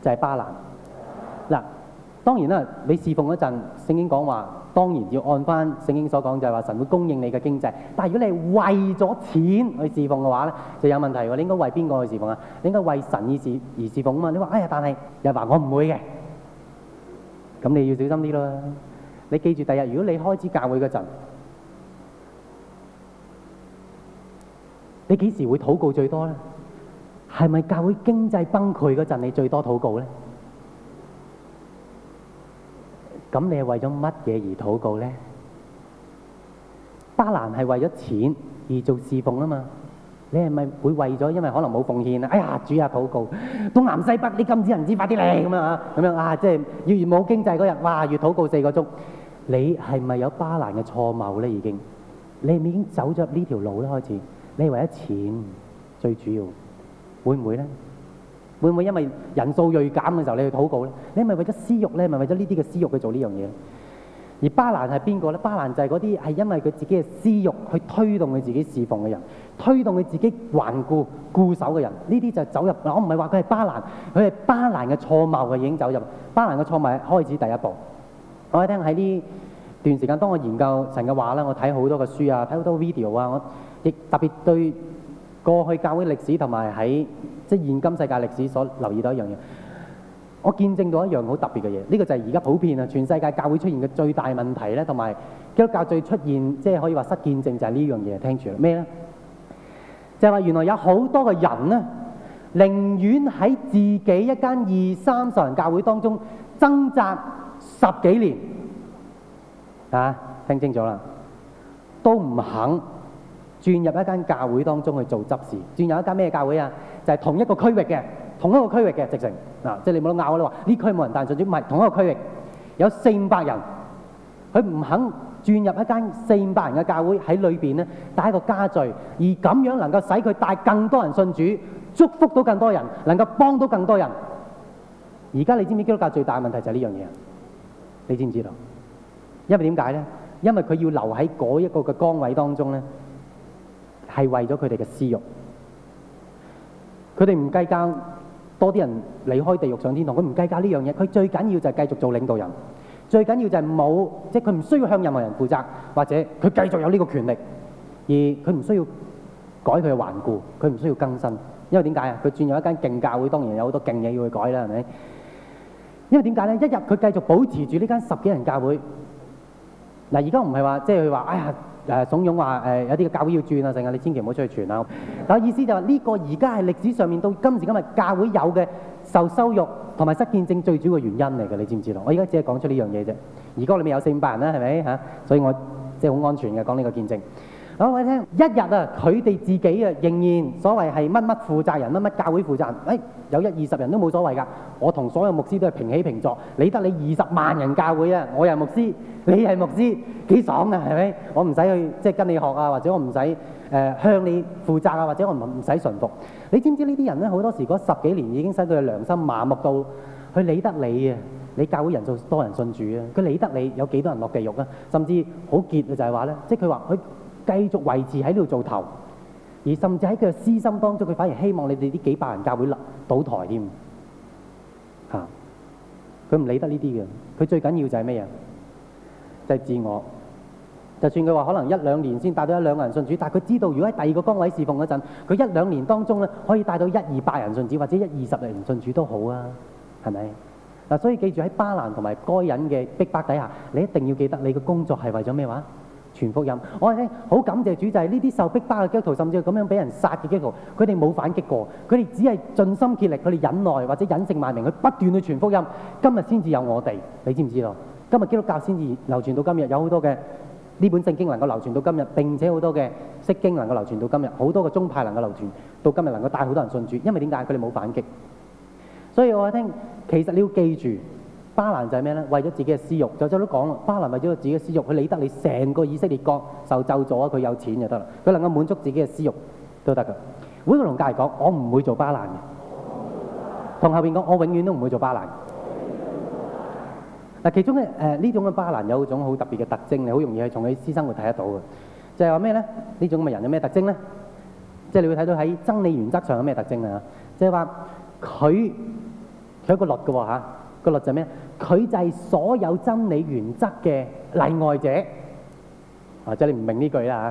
就係巴蘭。嗱，當然啦，你侍奉嗰陣，聖經講話，當然要按翻聖經所講，就係話神會供應你嘅經濟。但係如果你係為咗錢去侍奉嘅話咧，就有問題喎。你應該為邊個去侍奉啊？你應該為神而侍而侍奉啊嘛。你話哎呀，但係又話我唔會嘅。咁你要小心啲囉。你記住第日如果你開始教會嗰陣，你幾時會禱告最多咧？係咪教會經濟崩潰嗰陣你最多禱告咧？咁你係為咗乜嘢而禱告咧？巴蘭係為咗錢而做侍奉啊嘛！你係咪會為咗因為可能冇奉獻啊？哎呀，主啊，禱告東南西北，你金子銀子快啲嚟咁樣啊！咁樣啊，即係越冇經濟嗰日，哇，越禱告四個鐘。你係咪有巴蘭嘅錯謬咧？已經，你係咪已經走咗呢條路咧？開始，你為咗錢最主要，會唔會咧？會唔會因為人數鋭減嘅時候，你去禱告咧？你係咪為咗私慾咧？係咪為咗呢啲嘅私欲去做呢樣嘢？而巴蘭係邊個咧？巴蘭就係嗰啲係因為佢自己嘅私欲去推動佢自己侍奉嘅人。推動佢自己頑固固守嘅人，呢啲就走入嗱。我唔係話佢係巴蘭，佢係巴蘭嘅錯謬，佢已經走入巴蘭嘅錯謬，開始第一步。我哋聽喺呢段時間，當我研究神嘅話啦，我睇好多嘅書啊，睇好多 video 啊，我亦特別對過去教會歷史同埋喺即係現今世界歷史所留意到一樣嘢。我見證到一樣好特別嘅嘢，呢個就係而家普遍啊，全世界教會出現嘅最大問題咧，同埋基督教最出現即係可以話失見證就係呢樣嘢。聽住咩咧？就話、是、原來有好多嘅人咧，寧願喺自己一間二三十人教會當中掙扎十幾年，啊，聽清楚啦，都唔肯轉入一間教會當中去做執事，轉入一間咩教會啊？就係、是、同一個區域嘅，同一個區域嘅直情，嗱、啊，即係你冇得拗啦話，呢區冇人帶，甚至唔係同一個區域，有四五百人，佢唔肯。轉入一間四五百人嘅教會喺裏邊咧，帶一個家聚，而咁樣能夠使佢帶更多人信主，祝福到更多人，能夠幫到更多人。而家你知唔知基督教最大嘅問題就係呢樣嘢，你知唔知道？因為點解咧？因為佢要留喺嗰一個嘅崗位當中咧，係為咗佢哋嘅私欲。佢哋唔計較多啲人離開地獄上天堂，佢唔計較呢樣嘢，佢最緊要就係繼續做領導人。最緊要就係冇，即係佢唔需要向任何人負責，或者佢繼續有呢個權力，而佢唔需要改佢嘅頑固，佢唔需要更新。因為點解啊？佢轉入一間勁教會，當然有好多勁嘢要去改啦，係咪？因為點解咧？一日佢繼續保持住呢間十幾人教會，嗱，而家唔係話即係佢話，哎呀誒慫恿話誒有啲嘅教會要轉啊，成啊，你千祈唔好出去傳啊。但意思就係呢個而家係歷史上面到今時今日教會有嘅。受羞辱同埋失見證最主要嘅原因嚟嘅，你知唔知道？我現在只是說這件事而家只係講出呢樣嘢啫。而家裏面有四五百人啦，係咪嚇？所以我即係好安全嘅講呢個見證。好，我聽一日啊，佢哋自己啊仍然所謂係乜乜負責人，乜乜教會負責人。哎，有一二十人都冇所謂㗎。我同所有牧師都係平起平坐。你得你二十萬人教會啊，我又係牧師，你係牧師，幾爽啊，係咪？我唔使去即係、就是、跟你學啊，或者我唔使。誒向你負責啊，或者我唔唔使順服。你知唔知呢啲人咧，好多時嗰十幾年已經使佢嘅良心麻木到，佢理得你啊。你教會人數多人信主啊，佢理得你有幾多人落地獄啊？甚至好結嘅就係話咧，即係佢話佢繼續維持喺呢度做頭，而甚至喺佢嘅私心當中，佢反而希望你哋呢幾百人教會立倒台添嚇。佢、啊、唔理得呢啲嘅，佢最緊要就係咩啊？就係、係、自我。就算佢話可能一兩年先帶到一兩個人信主，但係佢知道，如果喺第二個崗位侍奉嗰陣，佢一兩年當中咧可以帶到一二百人信主，或者一二十人信主都好啊，係咪嗱？所以記住喺巴蘭同埋該隱嘅逼迫底下，你一定要記得你嘅工作係為咗咩話傳福音。我係好感謝主，就係呢啲受逼迫嘅基督徒，甚至咁樣俾人殺嘅基督徒，佢哋冇反擊過，佢哋只係盡心竭力，佢哋忍耐或者隱姓埋名，佢不斷去傳福音。今日先至有我哋，你知唔知道？今日基督教先至流傳到今日，有好多嘅。呢本聖經能夠流傳到今日，並且好多嘅釋經能夠流傳到今日，好多嘅宗派能夠流傳到今日，能夠帶好多人信主，因為點解？佢哋冇反擊。所以我聽，其實你要記住，巴蘭就係咩咧？為咗自己嘅私欲，就真都講咯。巴蘭為咗自己嘅私欲，佢理得你成個以色列國受咒咗，佢有錢就得啦，佢能夠滿足自己嘅私欲都得㗎。每個同隔籬講，我唔會做巴蘭嘅。同後邊講，我永遠都唔會做巴蘭。嗱，其中咧，誒呢種嘅巴蘭有種好特別嘅特徵，你好容易係從佢私生活睇得到嘅，就係話咩咧？呢種咁嘅人有咩特徵咧？即係你會睇到喺真理原則上有咩特徵啊？就係話佢，佢一個律嘅嚇，啊個律就係咩？佢就係所有真理原則嘅例外者啊！即係你唔明呢句啦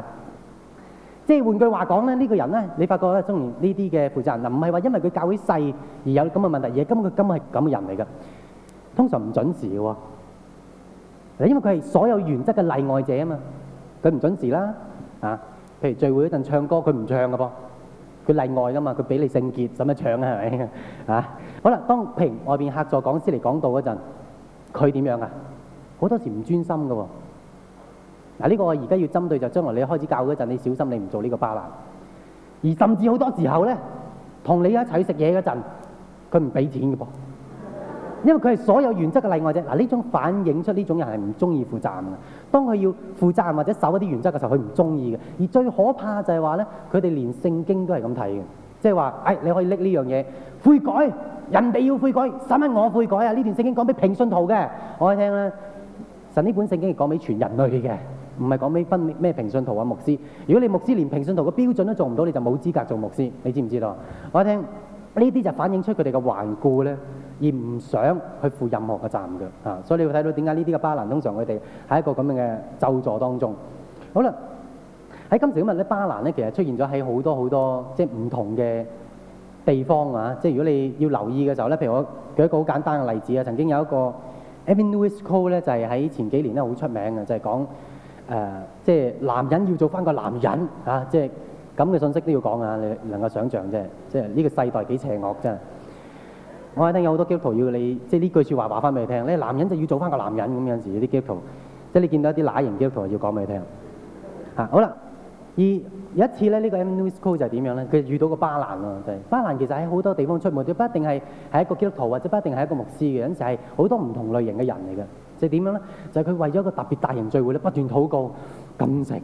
嚇，即係換句話講咧，呢個人咧，你發覺咧，中呢啲嘅負責人唔係話因為佢教會細而有咁嘅問題，而係根本佢根本係咁嘅人嚟嘅。通常唔準時嘅喎，嗱，因為佢係所有原則嘅例外者啊嘛，佢唔準時啦，啊，譬如聚會嗰陣唱歌，佢唔唱嘅噃，佢例外嘅嘛，佢俾你聖潔使乜唱啊，係咪啊？好啦，當譬如外邊客座講師嚟講道嗰陣，佢點樣啊？好多時唔專心嘅喎，嗱，呢個我而家要針對就是，將來你開始教嗰陣，你小心你唔做呢個巴蘭，而甚至好多時候咧，同你一齊食嘢嗰陣，佢唔俾錢嘅噃。因為佢係所有原則嘅例外啫。嗱，呢種反映出呢種人係唔中意負責任嘅。當佢要負責任或者守一啲原則嘅時候，佢唔中意嘅。而最可怕就係話咧，佢哋連聖經都係咁睇嘅，即係話，哎，你可以拎呢樣嘢悔改，人哋要悔改，使乜我悔改啊？呢段聖經講俾平信徒嘅，我聽咧。神呢本聖經係講俾全人類嘅，唔係講俾分咩平信徒啊牧師。如果你牧師連平信徒嘅標準都做唔到，你就冇資格做牧師。你知唔知道？我聽。呢啲就反映出佢哋嘅頑固咧，而唔想去負任何嘅責任嘅啊，所以你會睇到點解呢啲嘅巴蘭通常佢哋喺一個咁樣嘅就助當中。好啦，喺今時今日咧，巴蘭咧其實出現咗喺好多好多即係唔同嘅地方啊。即係如果你要留意嘅時候咧，譬如我舉一個好簡單嘅例子啊，曾經有一個《Even News Call》咧就係、是、喺前幾年咧好出名嘅，就係講誒，即係男人要做返個男人啊，即係。咁嘅信息都要講啊！你能夠想象啫，即係呢個世代幾邪惡真係。我一定有好多基督徒要你，即係呢句説話話翻俾你聽。你男人就要做翻個男人咁樣時，有啲基督徒，即係你見到一啲乸型基督徒要講俾你聽。好啦。而有一次咧，這個、呢個 Mnusco 就係點樣咧？佢遇到個巴蘭啊，就是、巴蘭其實喺好多地方出沒都不一定係係一個基督徒或者不一定係一個牧師嘅。有陣時係好多唔同類型嘅人嚟嘅。即係點樣咧？就係、是、佢、就是、為咗一個特別大型聚會咧，不斷禱告、感謝。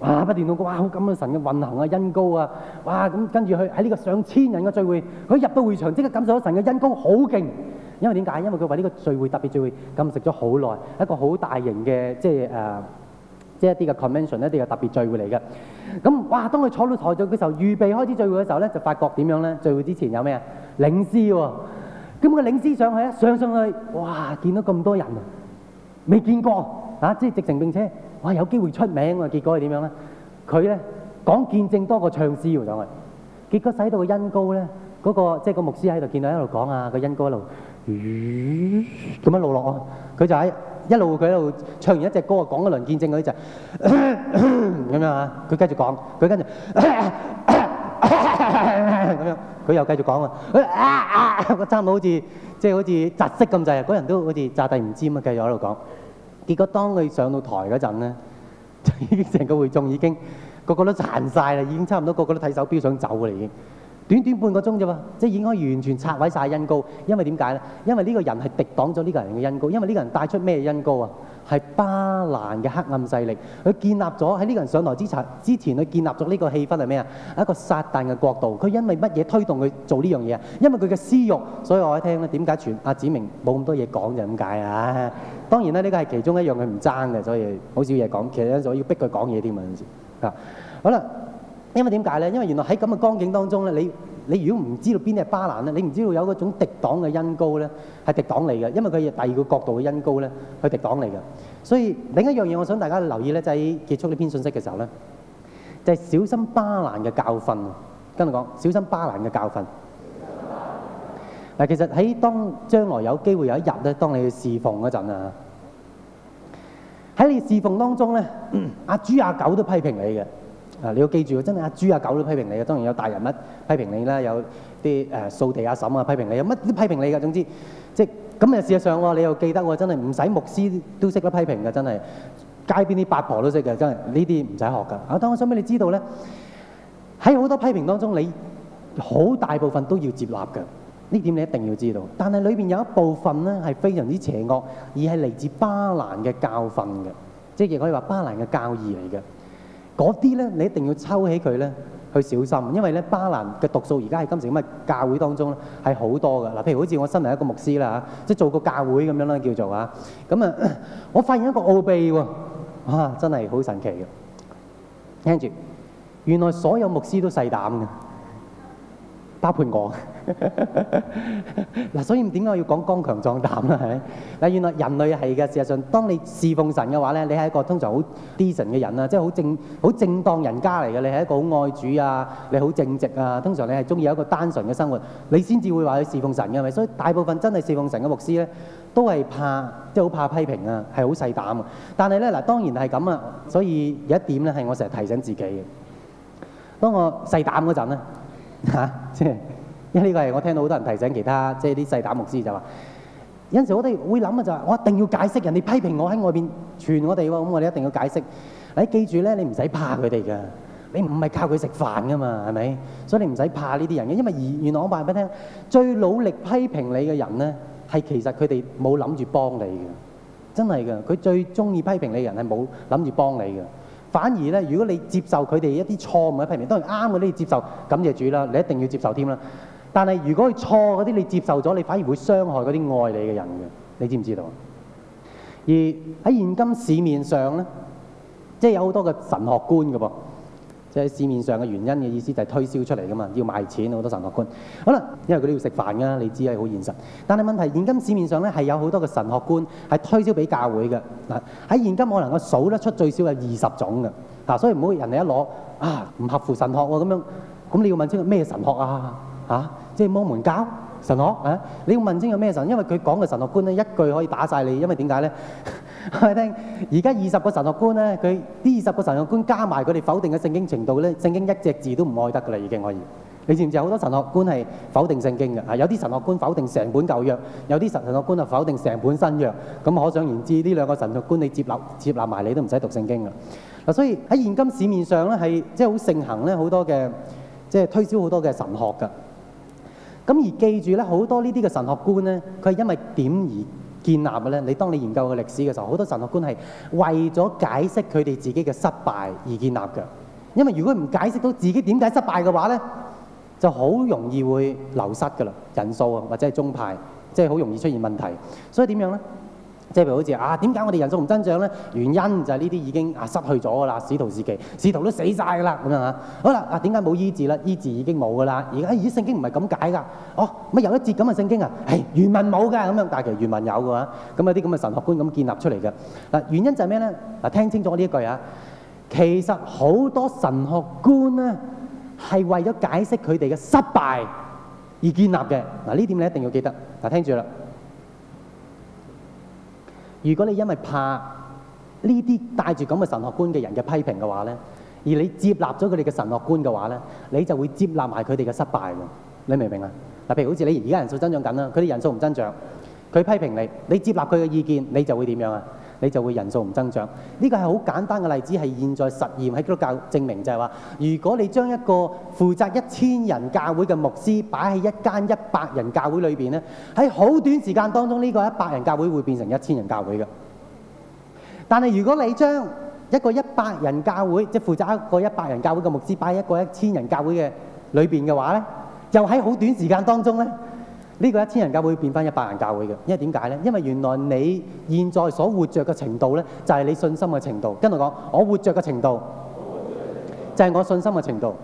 哇！部電腦哇，好感到神嘅運行啊，恩膏啊！哇，咁跟住佢喺呢個上千人嘅聚會，佢入到會場即刻感受到神嘅恩膏好勁。因為點解？因為佢為呢個聚會特別聚會，禁食咗好耐，一個好大型嘅即係誒，即係、呃、一啲嘅 convention 一啲嘅特別聚會嚟嘅。咁哇，當佢坐到台度嘅時候，預備開始聚會嘅時候咧，就發覺點樣咧？聚會之前有咩啊？領詩喎、哦，咁、個領詩上去一上上去哇，見到咁多人，啊！未見過啊，即係直情並車。哇！有機會出名啊，結果係點樣咧？佢咧講見證多過唱詩喎，咁啊！結果使到個恩膏咧，嗰、那個即係、就是、個牧師喺度見到一路講啊，個恩膏一路咦，咁、嗯、樣落落啊！佢就喺一路佢喺度唱完一隻歌啊，講一輪見證嗰啲就咁樣、呃呃、啊！佢繼續講，佢跟住咁樣，佢又繼續講、呃、啊！個差唔多好似即係好似窒息咁滯啊！嗰、就是、人都好似炸帝唔尖啊，繼續喺度講。結果當佢上到台嗰陣咧，整個已經成個會眾已經個個都殘晒啦，已經差唔多個個都睇手錶想走嘅嚟，已經短短半個鐘啫嘛，即係已經可以完全拆毀晒恩高，因為點解咧？因為呢個人係敵擋咗呢個人嘅恩高，因為呢個人帶出咩恩高啊？係巴蘭嘅黑暗勢力，佢建立咗喺呢個人上台之前，之前佢建立咗呢個氣氛係咩啊？一個撒旦嘅國度。佢因為乜嘢推動佢做呢樣嘢啊？因為佢嘅私慾。所以我一聽咧點解全阿子明冇咁多嘢講就咁解啊？當然咧，呢個係其中一樣佢唔爭嘅，所以好少嘢講。其實咧，我要逼佢講嘢添啊！有時啊，好啦，因為點解咧？因為原來喺咁嘅光景當中咧，你。你如果唔知道邊啲係巴蘭咧，你唔知道有嗰種敵擋嘅恩膏咧，係敵擋嚟嘅，因為佢係第二個角度嘅恩膏咧，係敵擋嚟嘅。所以另一樣嘢，我想大家留意咧，就喺、是、結束呢篇信息嘅時候咧，就係、是、小心巴蘭嘅教訓。跟住講小心巴蘭嘅教訓。嗱， <laughs> 其實喺當將來有機會有一日咧，當你去侍奉嗰陣啊，喺你侍奉當中咧，阿、啊、豬阿、啊、狗都批評你嘅。啊！你要記住，真係阿豬阿狗都批評你嘅。當然有大人物批評你啦，有啲誒掃地阿嬸啊批評你，有乜都批評你嘅。總之，即係咁嘅事實上喎，你又記得喎，真係唔使牧師都識得批評嘅，真係街邊啲八婆都識嘅，真係呢啲唔使學㗎。啊，但我想俾你知道咧，喺好多批評當中，你好大部分都要接納嘅，呢點你一定要知道。但係裏邊有一部分咧係非常之邪惡，而係嚟自巴蘭嘅教訓嘅，即係亦可以話巴蘭嘅教義嚟嘅。嗰啲咧，你一定要抽起佢咧，去小心，因為咧巴蘭嘅毒素而家喺今時咁嘅教會當中咧係好多㗎嗱，譬如好似我身為一個牧師啦嚇、啊，即係做個教會咁樣啦叫做啊，咁啊我發現一個奧秘喎、啊，哇真係好神奇嘅，聽住原來所有牧師都細膽嘅，包括我。嗱， <laughs> 所以點解我要講剛強壯膽啦？係咪？嗱，原來人類係嘅。事實上，當你侍奉神嘅話咧，你係一個通常好 decent 嘅人啊，即係好正、好正當人家嚟嘅。你係一個好愛主啊，你好正直啊，通常你係中意有一個單純嘅生活，你先至會話去侍奉神嘅，係咪？所以大部分真係侍奉神嘅牧師咧，都係怕，即係好怕批評啊，係好細膽。但係咧嗱，當然係咁啊。所以有一點咧，係我成日提醒自己嘅。當我細膽嗰陣咧，嚇即係。就是因為呢個係我聽到好多人提醒其他，即係啲細膽牧師就話，有陣時我哋會諗嘅就係，我一定要解釋人哋批評我喺外邊串我哋喎，咁我哋一定要解釋。誒，記住咧，你唔使怕佢哋嘅，你唔係靠佢食飯噶嘛，係咪？所以你唔使怕呢啲人嘅，因為而原來我話俾你聽，最努力批評你嘅人咧，係其實佢哋冇諗住幫你嘅，真係嘅。佢最中意批評你嘅人係冇諗住幫你嘅，反而咧，如果你接受佢哋一啲錯誤嘅批評，當然啱嘅都要接受，感謝主啦，你一定要接受添啦。但係如果佢錯嗰啲你接受咗，你反而會傷害嗰啲愛你嘅人嘅，你知唔知道？而喺現今市面上咧，即係有好多嘅神學觀嘅噃，即係市面上嘅原因嘅意思就係推銷出嚟嘅嘛，要賣錢好多神學觀。好啦，因為佢哋要食飯嘅，你知係好現實。但係問題係現今市面上咧係有好多嘅神學觀係推銷俾教會嘅嗱，喺現今我能我數得出最少有二十種嘅嗱，所以唔好人哋一攞啊，唔合乎神學喎咁樣，咁你要問清楚咩神學啊嚇？啊即係魔門教神學啊！你要問清楚咩神，因為佢講嘅神學觀咧，一句可以打晒你。因為點解咧？係咪聽？而家二十個神學觀咧，佢呢二十個神學觀加埋佢哋否定嘅聖經程度咧，聖經一隻字都唔愛得噶啦，已經可以。你知唔知好多神學觀係否定聖經嘅啊？有啲神學觀否定成本舊約，有啲神學觀係否定成本新約。咁可想而知，呢兩個神學觀你接納接納埋，你都唔使讀聖經啦。啊，所以喺現今市面上咧，係即係好盛行咧好多嘅即係推銷好多嘅神學㗎。咁而記住咧，好多呢啲嘅神學觀咧，佢係因為點而建立嘅咧？你當你研究嘅歷史嘅時候，好多神學觀係為咗解釋佢哋自己嘅失敗而建立嘅。因為如果唔解釋到自己點解失敗嘅話咧，就好容易會流失㗎喇，人數呀，或者係宗派，即係好容易出現問題。所以點樣咧？即係好似啊，點解我哋人數唔增長咧？原因就係呢啲已經啊失去咗噶啦，使徒時期，使徒都死曬噶啦，咁樣嚇。好啦，啊點解冇醫治啦？醫治已經冇噶啦。而家咦聖經唔係咁解噶。哦，乜有一節咁嘅聖經啊？係原文冇㗎，咁樣，但係其實原文有㗎喎。咁有啲咁嘅神學觀咁建立出嚟嘅嗱，原因就係咩咧？嗱，聽清楚呢一句啊，其實好多神學觀咧係為咗解釋佢哋嘅失敗而建立嘅。嗱，呢點你一定要記得。嗱，聽住啦。如果你因為怕呢啲帶住咁嘅神學觀嘅人嘅批評嘅話咧，而你接納咗佢哋嘅神學觀嘅話咧，你就會接納埋佢哋嘅失敗喎。你明唔明啊？嗱，譬如好似你而家人數增長緊啦，佢哋人數唔增長，佢批評你，你接納佢嘅意見，你就會點樣啊？你就會人數唔增長，呢個係好簡單嘅例子，係現在實驗喺基督教證明就係話，如果你將一個負責一千人教會嘅牧師擺喺一間一百人教會裏邊咧，喺好短時間當中呢個一百人教會會變成一千人教會嘅。但係如果你將一個一百人教會，即係負責一個一百人教會嘅牧師擺喺一個一千人教會嘅裏邊嘅話咧，又喺好短時間當中咧。呢個一千人教會變翻一百人教會嘅，因為點解呢？因為原來你現在所活著嘅程度呢，就係你信心嘅程度。跟住講，我活著嘅程度就係我信心嘅程度。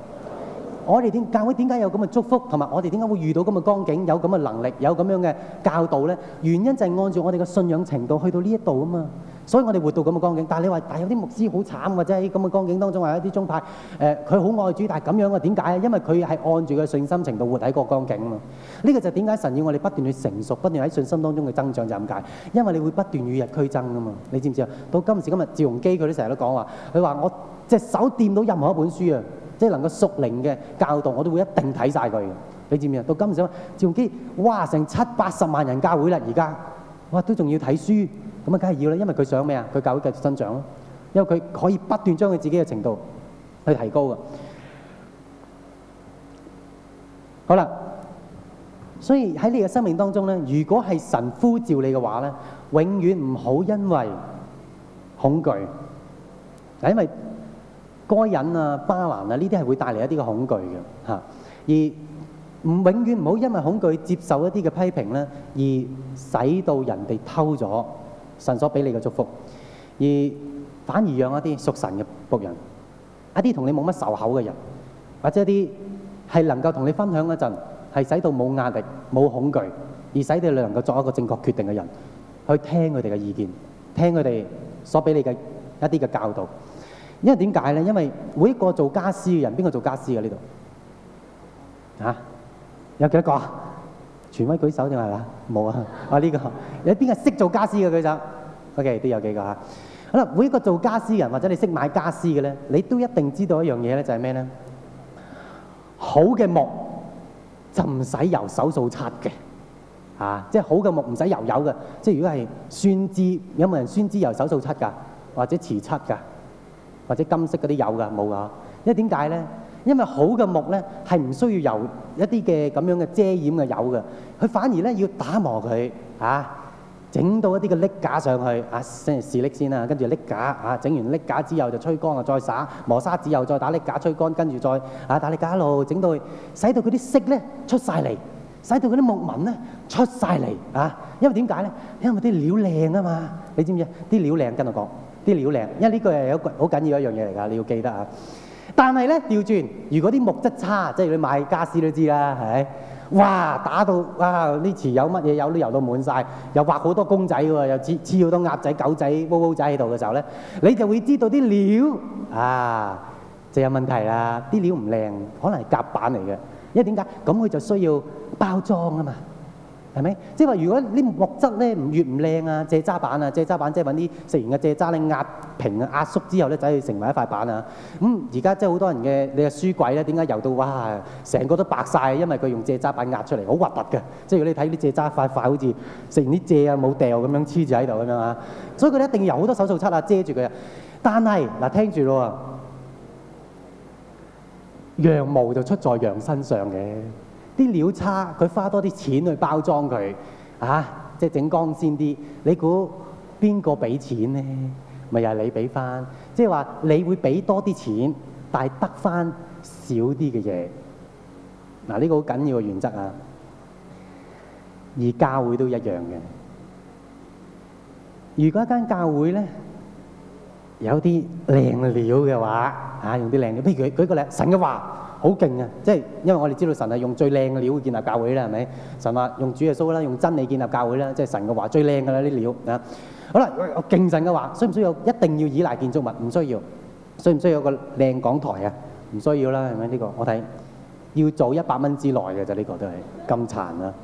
我哋點教會點解有咁嘅祝福，同埋我哋點解會遇到咁嘅光景，有咁嘅能力，有咁樣嘅教導呢？原因就係按照我哋嘅信仰程度去到呢一度啊嘛。所以我哋活到咁嘅光景，但係你話，但係有啲牧師好慘嘅啫，喺咁嘅光景當中，話一啲宗派，誒佢好愛主，但係咁樣嘅點解啊？因為佢係按住佢嘅信心程度活喺個光景啊嘛。呢個就點解神要我哋不斷去成熟，不斷喺信心當中嘅增長就咁解。因為你會不斷與日俱增啊嘛。你知唔知啊？到今時今日，趙鏞基佢都成日都講話，佢話我隻手掂到任何一本書啊，即係能夠屬靈嘅教導，我都會一定睇曬佢。你知唔知啊？到今時今日，趙鏞基哇，成七八十萬人教會啦，而家哇都仲要睇書。咁梗係要啦，因為佢想咩啊？佢教會繼續增長咯。因為佢可以不斷將佢自己嘅程度去提高嘅。好啦，所以喺你嘅生命當中咧，如果係神呼召你嘅話咧，永遠唔好因為恐懼，係因為該隱啊、巴蘭啊呢啲係會帶嚟一啲嘅恐懼嘅嚇、啊。而唔永遠唔好因為恐懼接受一啲嘅批評咧，而使到人哋偷咗，神所俾你嘅祝福，而反而讓一啲屬神嘅僕人，一啲同你冇乜仇口嘅人，或者一啲係能夠同你分享嗰陣，係使到冇壓力、冇恐懼，而使到你能夠作一個正確決定嘅人，去聽佢哋嘅意見，聽佢哋所俾你嘅一啲嘅教導。因為點解咧？因為每一個做家私嘅人，邊個做家私嘅呢度？吓、啊，有幾多個？全威舉手定係嘛？冇啊！啊呢、呢個有邊個識做家私嘅舉手？OK，都有幾個嚇。好、啊、啦，每一個做家私人或者你識買家私嘅咧，你都一定知道一樣嘢咧，就係咩咧？好嘅木就唔使油手掃擦嘅，啊，即係好嘅木唔使油油嘅。即係如果係酸枝有冇人酸枝油手掃擦㗎，或者瓷漆㗎，或者金色嗰啲有㗎，冇㗎、啊。因為點解咧？因為好嘅木咧，係唔需要有一啲嘅咁樣嘅遮掩嘅油嘅，佢反而咧要打磨佢啊，整到一啲嘅瀝架上去啊，先試瀝先啦，跟住瀝架啊，整完瀝架之後就吹乾啊，再撒磨砂紙又再打瀝架，吹乾跟住再啊打瀝架一路整到去，使到佢啲色咧出曬嚟，使到佢啲木紋咧出曬嚟啊，因為點解咧？因為啲料靚啊嘛，你知唔知？啲料靚，跟我講，啲料靚，因為呢個係一個好緊要一樣嘢嚟㗎，你要記得啊。但係咧，調轉，如果啲木質差，即係你買傢俬都知啦，係咪？哇，打到哇，啲池油乜嘢油都油到滿晒，又畫好多公仔喎，又似似好多鴨仔、狗仔、烏烏仔喺度嘅時候咧，你就會知道啲料啊就有問題啦，啲料唔靚，可能係夾板嚟嘅。因為點解？咁佢就需要包裝啊嘛。係咪？即係話，如果啲木質咧越唔靚啊，蔗渣板啊，蔗渣板即係啲食完嘅蔗渣咧壓平、壓縮之後咧，就喺度成為一塊板啊。咁而家即係好多人嘅你嘅書櫃咧，點解油到哇？成個都白曬，因為佢用蔗渣板壓出嚟，好核突嘅。即係如果你睇啲蔗渣塊塊，好似食完啲蔗啊冇掉咁樣黐住喺度咁樣啊。所以佢咧一定要有好多手術漆啊，遮住佢啊。但係嗱，聽住咯喎，羊毛就出在羊身上嘅。啲料差，佢花多啲錢去包裝佢，啊，即係整光鮮啲。你估邊個俾錢咧？咪又係你俾翻。即係話你會俾多啲錢，但係得翻少啲嘅嘢。嗱、啊，呢、呢個好緊要嘅原則啊。而教會都一樣嘅。如果一間教會咧有啲靚料嘅話，啊，用啲靚料譬如佢舉個靚神嘅話。好勁啊！即係因為我哋知道神係用最靚嘅料去建立教會啦，係咪？神話用主耶穌啦，用真理建立教會啦，即係神嘅話最靚嘅啦啲料啊！好啦，我敬神嘅話，需唔需要一定要依賴建築物？唔需要，需唔需要個靚講台不是不是、這個這個、啊？唔需要啦，係咪呢個？我睇要做一百蚊之內嘅就呢個都係咁殘啦。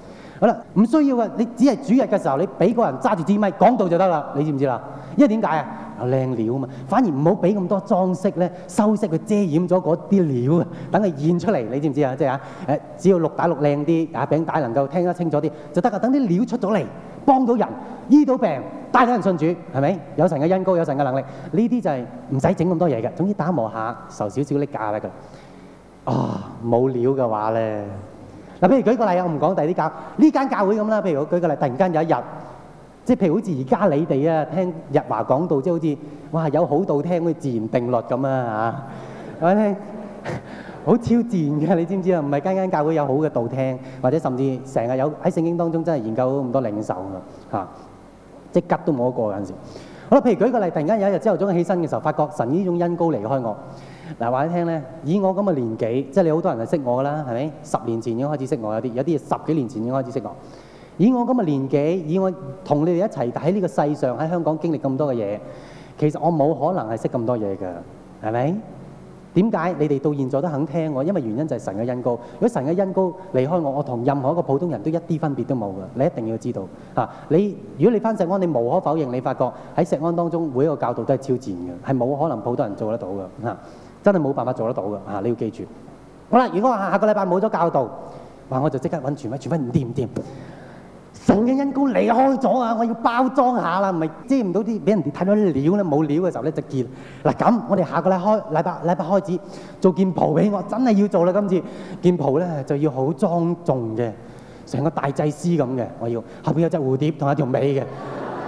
好啦，唔需要嘅，你只係主日嘅時候，你俾個人揸住支咪講道就得啦。你知唔知啦？因為點解啊？有靚料啊嘛，反而唔好俾咁多裝飾咧，修飾佢遮掩咗嗰啲料啊，等佢現出嚟，你知唔知啊？即係啊，誒，只要錄打錄靚啲，阿餅帶能夠聽得清楚啲就得啊，等啲料出咗嚟，幫到人，醫到病，帶到人信主，係咪？有神嘅恩膏，有神嘅能力，呢啲就係唔使整咁多嘢嘅，總之打磨下，修少少力架得噶。啊，冇料嘅話咧，嗱，譬如舉個例啊，我唔講第啲教呢間教會咁啦，譬如我舉個例，突然間有一日。即係譬如好似而家你哋啊，聽日華講道，即係好似哇有好道聽好似自然定律咁啊嚇！話你聽好超自然㗎，你知唔知啊？唔係間間教會有好嘅道聽，或者甚至成日有喺聖經當中真係研究咁多領受㗎嚇，即刻都冇得過嗰陣時。好啦，譬如舉個例，突然間有一日朝頭早起身嘅時候，發覺神呢種恩膏離開我。嗱，話你聽咧，以我咁嘅年紀，即係你好多人係識我啦，係咪？十年前已經開始識我有啲，有啲十幾年前已經開始識我。以我咁嘅年紀，以我同你哋一齊喺呢個世上喺香港經歷咁多嘅嘢，其實我冇可能係識咁多嘢㗎，係咪？點解你哋到現在都肯聽我？因為原因就係神嘅恩膏。如果神嘅恩膏離開我，我同任何一個普通人都一啲分別都冇㗎。你一定要知道嚇你。如果你翻石安，你無可否認，你發覺喺石安當中每一個教導都係超自然嘅，係冇可能普通人做得到㗎嚇，真係冇辦法做得到㗎嚇。你要記住。好啦，如果我下下個禮拜冇咗教導，話我就即刻揾傳粉，傳粉唔掂唔掂。仲要因公離開咗啊！我要包裝下啦，咪遮唔到啲，俾人哋睇到啲料咧，冇料嘅時候咧就結了。嗱咁，我哋下個禮開禮拜禮拜開始做件袍俾我，真係要做啦今次。件袍咧就要好莊重嘅，成個大祭司咁嘅，我要後邊有隻蝴蝶同一條尾嘅。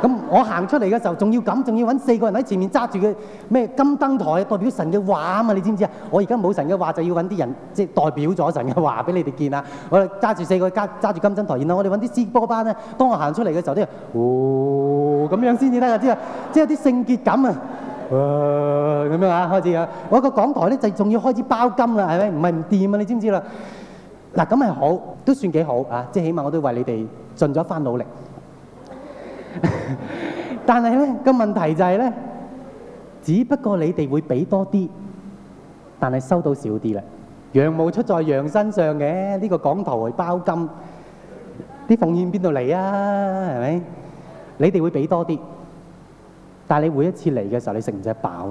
咁我行出嚟嘅時候還要這樣，仲要咁，仲要揾四個人喺前面揸住嘅咩金燈台，啊，代表神嘅話啊嘛！你知唔知？我而家冇神嘅話，就要揾啲人即係、就是、代表咗神嘅話俾你哋見啊！我哋揸住四個揸住金燈台，然後我哋揾啲波班咧，當我行出嚟嘅時候咧，呼、哦、咁樣先至得嘅，即係即啲聖潔感啊！咁樣啊，開始啊，我一個講台咧就仲要開始包金啦，係咪？唔係唔掂啊，你知唔知啦？嗱，咁係好，都算幾好啊！即係起碼我都為你哋盡咗一番努力。 <laughs> 但係咧，呢個問題就係咧，只不過你哋會俾多啲，但係，收到少啲啦。羊毛出在羊身上嘅，呢、呢個講台包金，啲奉獻邊度嚟啊？係咪？你哋會俾多啲，但係，你每一次嚟嘅時候，你食唔食飽？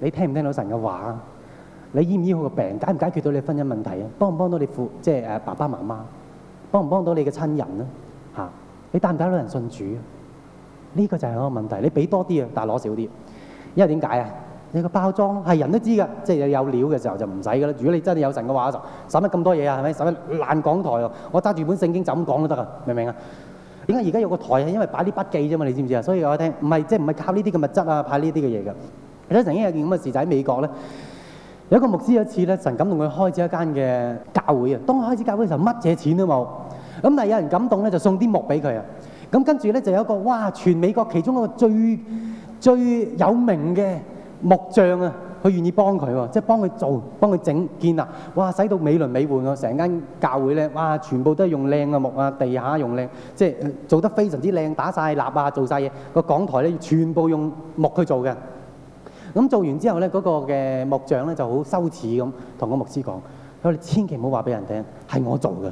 你聽唔聽到神嘅話？你醫唔醫好個病？解唔解決到你的婚姻問題啊？幫唔幫到你父，即係誒爸爸媽媽？幫唔幫到你嘅親人咧？吓？你得唔得啲人信主？呢個就係我個問題。你俾多啲啊，但係攞少啲，因為點解啊？你個包裝係人都知嘅，即係有料嘅時候就唔使嘅啦。如果你真係有神嘅話，就使乜咁多嘢啊，係咪？使乜爛講台喎，我揸住本聖經就咁講都得噶，明唔明啊？點解而家有個台係因為擺啲筆記啫嘛？你知唔知啊？所以我聽唔係即係唔係靠呢啲嘅物質啊，派呢啲嘅嘢嘅。你神曾經有件咁嘅事就喺美國咧，有一個牧師有一次咧，神敢同佢開設一間嘅教會啊！當開設教會嘅時候，乜借錢都冇。咁嗱，有人感動咧，就送啲木俾佢啊！咁跟住咧，就有一個哇，全美國其中一個最最有名嘅木匠啊，佢願意幫佢喎，即係幫佢做、幫佢整建啊！哇，使到美輪美奐啊，成間教會咧，哇，全部都係用靚嘅木啊，地下用靚，即係做得非常之靚，打晒蠟啊，做晒嘢，個講台咧，全部用木去做嘅。咁做完之後咧，嗰個嘅木匠咧就好羞恥咁，同個牧師講，我哋千祈唔好話俾人聽，係我做嘅。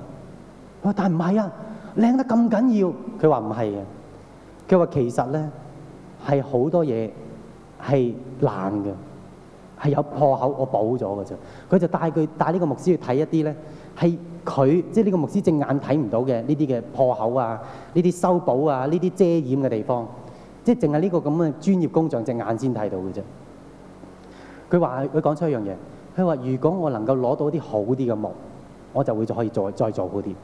但唔係啊？靚得咁緊要，佢話唔係啊。佢話其實咧係好多嘢係爛嘅，係有破口我補了，我補咗嘅啫。佢就帶佢帶呢個牧師去睇一啲咧係佢即係呢個牧師隻眼睇唔到嘅呢啲嘅破口啊，呢啲修補啊，呢啲遮掩嘅地方，即係淨係呢個咁嘅專業工匠隻眼先睇到嘅啫。佢話佢講出一樣嘢，佢話如果我能夠攞到啲好啲嘅木，我就會可以再再做好啲。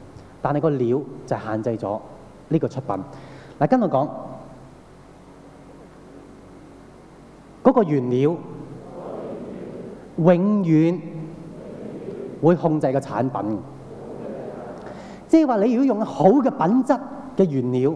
但係個料就限制咗呢個出品。嗱，跟我講，嗰、那個原料永遠會控制個產品嘅。即係話，就是、你如果用好嘅品質嘅原料，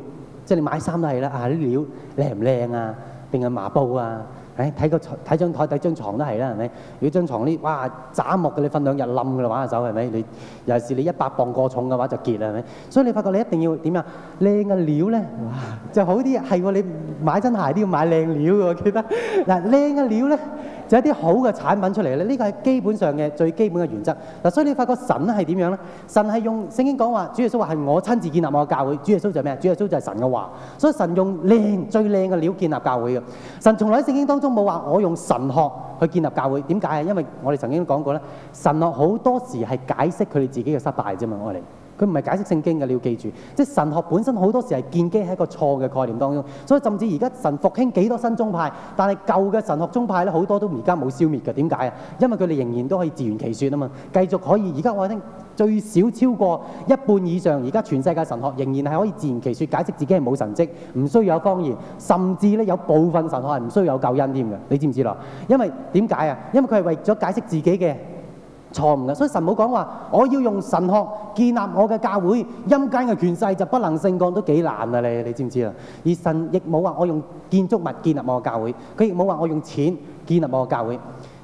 即、就、係、是、你買衫都係啦，啊啲、那個、料靚唔靚啊，定係麻布啊？誒睇個睇張台睇張牀都係啦，係咪？如果張床呢，哇，渣木嘅你瞓兩日冧嘅啦，玩下手係咪？你，你尤其是你一百磅過重嘅話就結啦，係咪？所以你發覺你一定要點啊？靚嘅料咧，哇，就好啲啊！係喎，你買真鞋都要買靚料喎，我記得嗱，靚嘅料咧。就係一啲好嘅產品出嚟咧，呢個係基本上嘅最基本嘅原則。嗱，所以你發覺神係點樣咧？神係用聖經講話，主耶穌話係我親自建立我嘅教會。主耶穌就係咩？主耶穌就係神嘅話。所以神用靚最靚嘅料建立教會嘅。神從來喺聖經當中冇話我用神學去建立教會。點解啊？因為我哋曾經講過咧，神學好多時係解釋佢哋自己嘅失敗啫嘛，我哋。佢唔係解釋聖經嘅，你要記住，即係神學本身好多時係建基喺一個錯嘅概念當中，所以甚至而家神復興幾多新宗派，但係舊嘅神學宗派咧好多都而家冇消滅嘅，點解啊？因為佢哋仍然都可以自圓其説啊嘛，繼續可以。而家我聽最少超過一半以上，而家全世界神學仍然係可以自圓其説，解釋自己係冇神蹟，唔需要有方言，甚至咧有部分神學係唔需要有救恩添㗎，你知唔知啦？因為點解啊？因為佢係為咗解釋自己嘅。錯誤嘅，所以神冇講話，我要用神學建立我嘅教會，陰間嘅權勢就不能勝過，都幾難啊！你你知唔知啊？而神亦冇話我用建築物建立我嘅教會，佢亦冇話我用錢建立我嘅教會，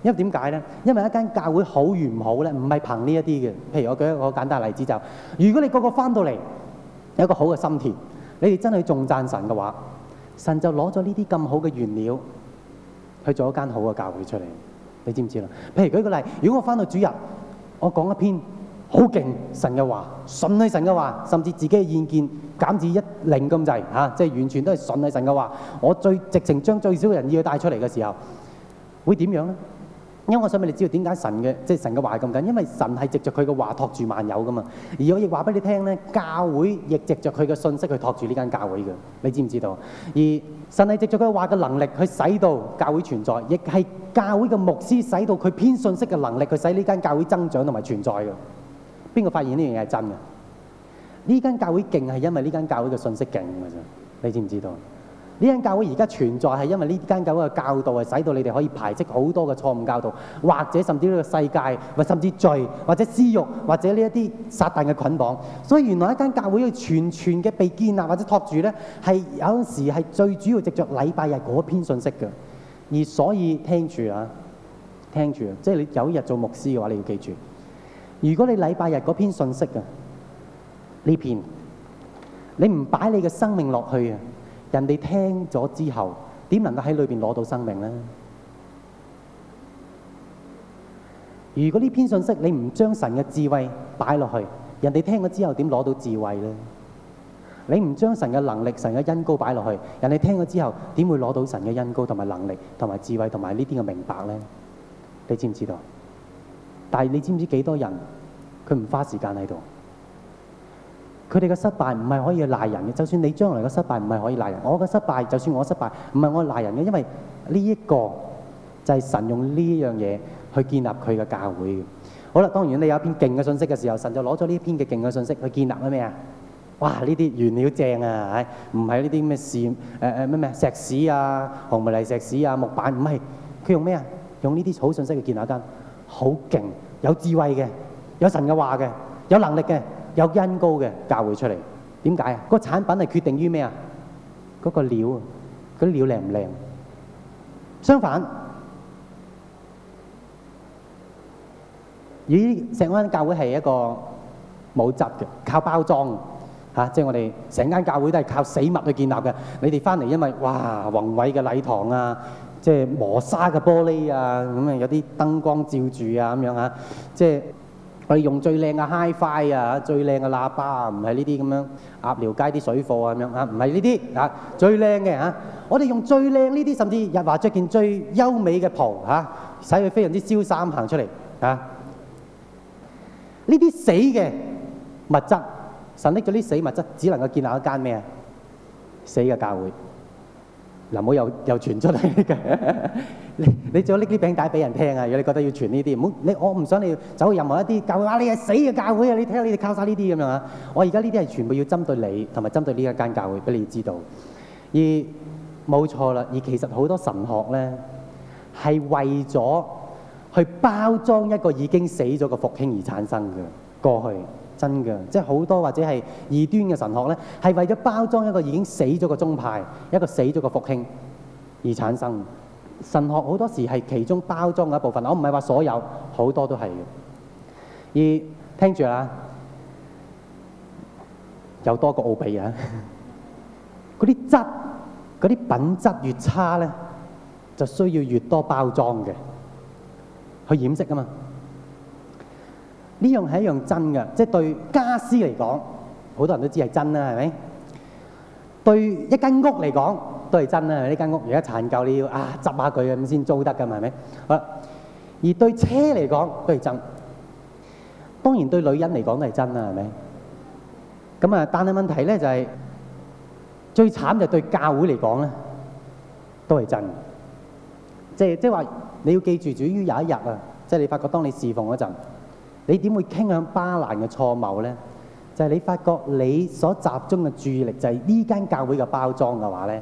因為點解呢？因為一間教會好與唔好呢，唔係憑呢一啲嘅。譬如我舉一個簡單例子就：如果你個個返到嚟有一個好嘅心田，你哋真係仲讚神嘅話，神就攞咗呢啲咁好嘅原料去做一間好嘅教會出嚟。你知唔知啦？譬如舉個例，如果我翻到主日，我講一篇好勁神嘅話，順喺神嘅話，甚至自己嘅意見減至一零咁滯，即完全都係順喺神嘅話，我最直情將最少人意帶出嚟嘅時候，會點樣呢？因為我想俾你知道點解神嘅即係神嘅話係咁緊，因為神係藉着佢嘅話托住萬有噶嘛。而我亦話俾你聽咧，教會亦藉着佢嘅信息去托住呢間教會嘅，你知唔知道？而神係藉着佢話嘅能力去使到教會存在，亦係教會嘅牧師使到佢篇信息嘅能力去使呢間教會增長同埋存在嘅。邊個發現呢樣嘢係真嘅？呢間教會勁係因為呢間教會嘅信息勁㗎咋？你知唔知道？呢間教會而家存在係因為呢間教會嘅教導係使到你哋可以排斥好多嘅錯誤教導，或者甚至呢個世界，或甚至罪，或者私欲，或者呢一啲撒旦嘅捆綁。所以原來一間教會要全全嘅被建立或者托住咧，係有陣時係最主要藉着禮拜日嗰篇信息嘅。而所以聽住啊，聽住啊，即係你有一日做牧師嘅話，你要記住，如果你禮拜日嗰篇信息啊，呢篇，你唔擺你嘅生命落去啊！人哋聽咗之後，點能夠喺裏面攞到生命呢？如果呢篇信息你唔將神嘅智慧擺落去，人哋聽咗之後點攞到智慧呢？你唔將神嘅能力、神嘅恩膏擺落去，人哋聽咗之後點會攞到神嘅恩膏同埋能力同埋智慧同埋呢啲嘅明白呢？你知唔知道？但係你知唔知幾多人佢唔花時間喺度？佢哋嘅失敗唔係可以賴人嘅，就算你將來嘅失敗唔係可以賴人。我嘅失敗，就算我失敗，唔係我賴人嘅，因為呢一個就係神用呢樣嘢去建立佢嘅教會嘅。好啦，當然你有一篇勁嘅信息嘅時候，神就攞咗呢篇嘅勁嘅信息去建立咩啊？哇！呢啲原料正啊，唔係呢啲咩石誒咩咩石屎啊、紅毛泥石屎啊、木板唔係，佢用咩啊？用呢啲好信息去建立間好勁、有智慧嘅、有神嘅話嘅、有能力嘅。有因高嘅教會出嚟，點解啊？我哋用最靚嘅 Hi-Fi 啊，最靚嘅喇叭啊，唔係呢啲咁樣鴨寮街啲水貨啊咁樣啊，唔係呢啲啊，最靚嘅啊，我哋用最靚呢啲，甚至日話着件最優美嘅袍啊，使佢非常之瀟灑咁行出嚟啊。呢啲死嘅物質，神搦咗啲死物質，只能夠建立一間咩啊？死嘅教會。嗱，冇又又傳出嚟。 <laughs> <laughs> 你你仲要搦啲餅帶俾人聽啊？如果你覺得要傳呢啲唔好你我唔想你走去任何一啲教，教會啊！你係死嘅教會啊！你睇下你哋靠晒呢啲咁樣啊！我而家呢啲係全部要針對你同埋針對呢一間教會俾你知道。而冇錯啦，而其實好多神學咧係為咗去包裝一個已經死咗個復興而產生嘅過去真嘅，即係好多或者係異端嘅神學咧係為咗包裝一個已經死咗個宗派一個死咗個復興而產生。神學好多時係其中包裝嘅一部分，我唔係話所有，好多都係嘅。而聽住啊，有多個奧秘啊！嗰 <laughs> 啲質，嗰啲品質越差咧，就需要越多包裝嘅，去掩飾啊嘛。呢樣係一樣真嘅，即係對家私嚟講，好多人都知係真啊，係咪？對一間屋嚟講。都係真啦，呢間屋而家殘舊，你要啊，執下佢咁先租得噶嘛，係咪？好啦，而對車嚟講都係真。當然對女人嚟講都係真啦，係咪？咁啊，但係問題咧就係、是、最慘就對教會嚟講咧都係真，即係即係話你要記住，住，主於有一日啊，即、就、係、是、你發覺當你侍奉嗰陣，你點會傾向巴蘭嘅錯謬咧？就係、是、你發覺你所集中嘅注意力就係呢間教會嘅包裝嘅話咧。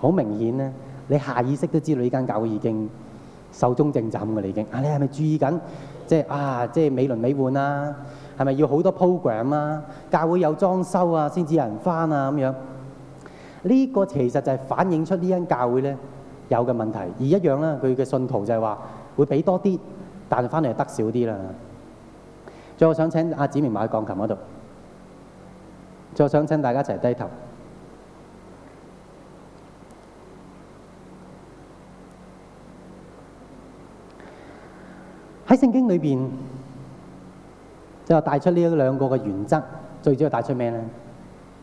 好明顯咧，你下意識都知道呢間教會已經壽終正寢嘅啦，你已經啊，你係咪注意緊？即係啊，即係美輪美奐啦、啊，係咪要好多 program 啊？教會有裝修啊，先至有人翻啊咁樣。呢、呢個其實就係反映出呢間教會咧有嘅問題，而一樣咧，佢嘅信徒就係話會俾多啲，但係翻嚟得少啲啦。最後想請阿、啊、子明埋喺鋼琴嗰度，最後想請大家一齊低頭。喺聖經裏邊就帶出呢兩個嘅原則，最主要帶出咩咧？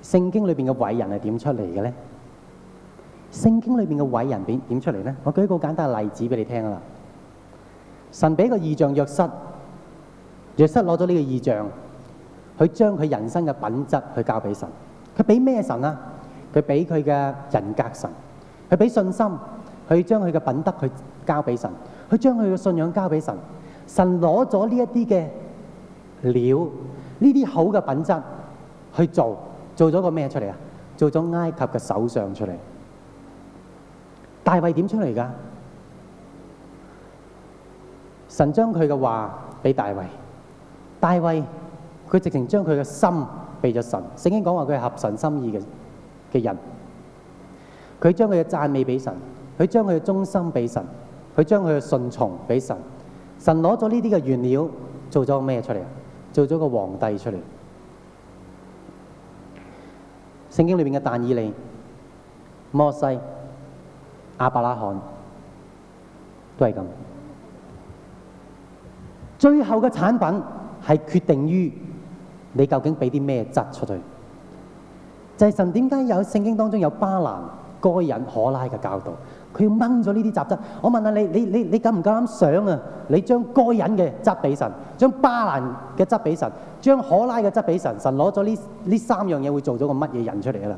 聖經裏邊嘅偉人係點出嚟嘅咧？聖經裏邊嘅偉人點點出嚟咧？我舉一個簡單嘅例子俾你聽啦。神俾個異象約瑟，約瑟攞咗呢個異象，佢將佢人生嘅品質去交俾神。佢俾咩神啊？佢俾佢嘅人格神，佢俾信心，佢將佢嘅品德去交俾神，佢將佢嘅信仰交俾神。神攞咗呢一啲嘅料，呢啲好嘅品質去做，做咗個咩出嚟啊？做咗埃及嘅首相出嚟。大衛點出嚟㗎？神將佢嘅話俾大衛，大衛佢直情將佢嘅心俾咗神。聖經講話佢係合神心意嘅嘅人，佢將佢嘅讚美俾神，佢將佢嘅忠心俾神，佢將佢嘅順從俾神。他神攞咗呢啲嘅原料做咗個咩出嚟？做咗個，個皇帝出嚟。聖經裏邊嘅但以利、摩西、亞伯拉罕都係咁。最後嘅產品係決定於你究竟俾啲咩質出去。就係、是、神點解有聖經當中有巴蘭、該隱、可拉嘅教導？佢要掹咗呢啲雜質，我問下你，你你你，你敢唔敢諗想啊？你將該隱嘅質俾神，將巴蘭嘅質俾神，將可拉嘅質俾神，神攞咗呢呢三樣嘢，會做咗個乜嘢人出嚟啊？啦！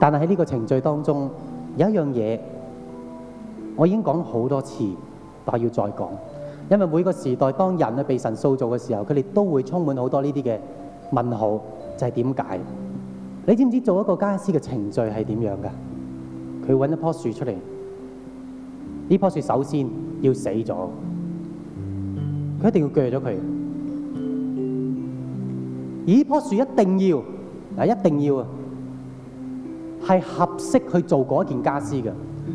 但係喺呢個程序當中，有一樣嘢，我已經講好多次，但我要再講。因為每個時代當人去被神塑造嘅時候，佢哋都會充滿好多呢啲嘅問號，就係點解？你知唔知做一個家私嘅程序係點樣噶？佢揾一棵樹出嚟，呢棵樹首先要死咗，佢一定要鋸咗佢。而呢棵樹一定要嗱，一定要啊，係合適去做嗰件家私嘅。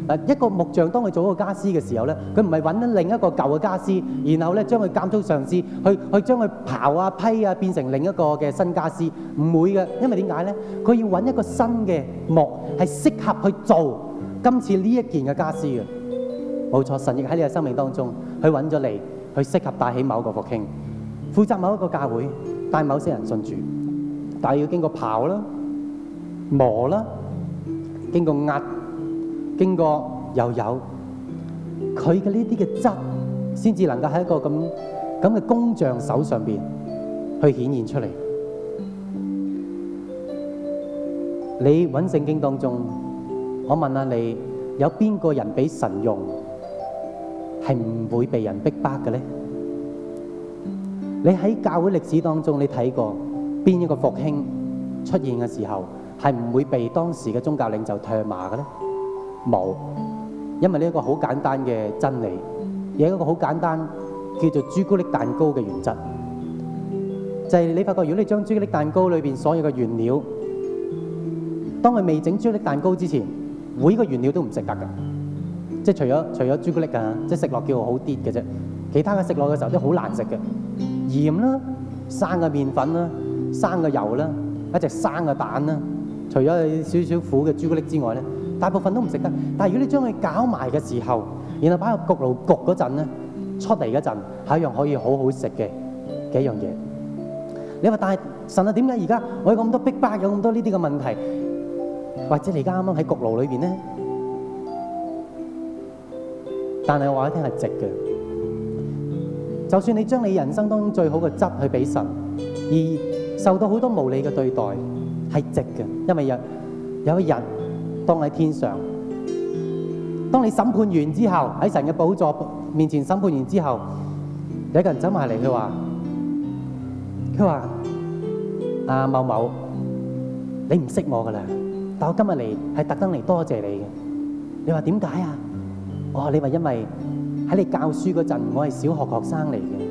嗱，一個木匠當佢做一個家私嘅時候呢，佢唔係搵緊另一個舊嘅家私，然後呢將佢監督上司去去將佢刨啊批啊變成另一個嘅新家私，唔會嘅，因為點解呢？佢要搵一個新嘅木係適合去做今次呢一件嘅家私嘅。冇錯。神亦喺你嘅生命當中去搵咗你，去適合帶起某個復興，負責某一個教會，帶某些人信主。但係要經過刨啦、磨啦、經過壓經過又有佢嘅呢啲嘅質，先至能夠喺一個咁咁嘅工匠手上邊去顯現出嚟。你揾聖經當中，我問下你，有邊個人俾神用係唔會被人逼迫嘅咧？你喺教會歷史當中，你睇過邊一個復興出現嘅時候係唔會被當時嘅宗教領袖唾罵嘅咧？冇，因為呢一個好簡單嘅真理，有一個好簡單叫做朱古力蛋糕嘅原則，就係、是、你發覺，如果你將朱古力蛋糕裏邊所有嘅原料，當佢未整朱古力蛋糕之前，每一個原料都唔食得㗎，即係除咗除咗朱古力啊，即係食落叫好啲嘅啫，其他嘅食落嘅時候都好難食嘅，鹽啦、生嘅麵粉啦、生嘅油啦、一隻生嘅蛋啦，除咗少少苦嘅朱古力之外咧。大部分都唔食得，但係如果你將佢攪埋嘅時候，然後擺入焗爐焗嗰陣咧，出嚟嗰陣係一樣可以好好食嘅幾一樣嘢。你話，但係神啊，點解而家我有咁多逼巴，有咁多呢啲嘅問題，或者你而家啱啱喺焗爐裏面呢？但係我話你聽係值嘅，就算你將你人生當中最好嘅質去俾神，而受到好多無理嘅對待係值嘅，因為有有個人。當喺天上，當你審判完之後喺神嘅寶座面前審判完之後，有個人走埋嚟，佢話：，佢話阿某某，你唔識我噶啦，但我今日嚟係特登嚟多謝你嘅。你話點解啊？我話你話因為喺你教書嗰陣，我係小學學生嚟嘅。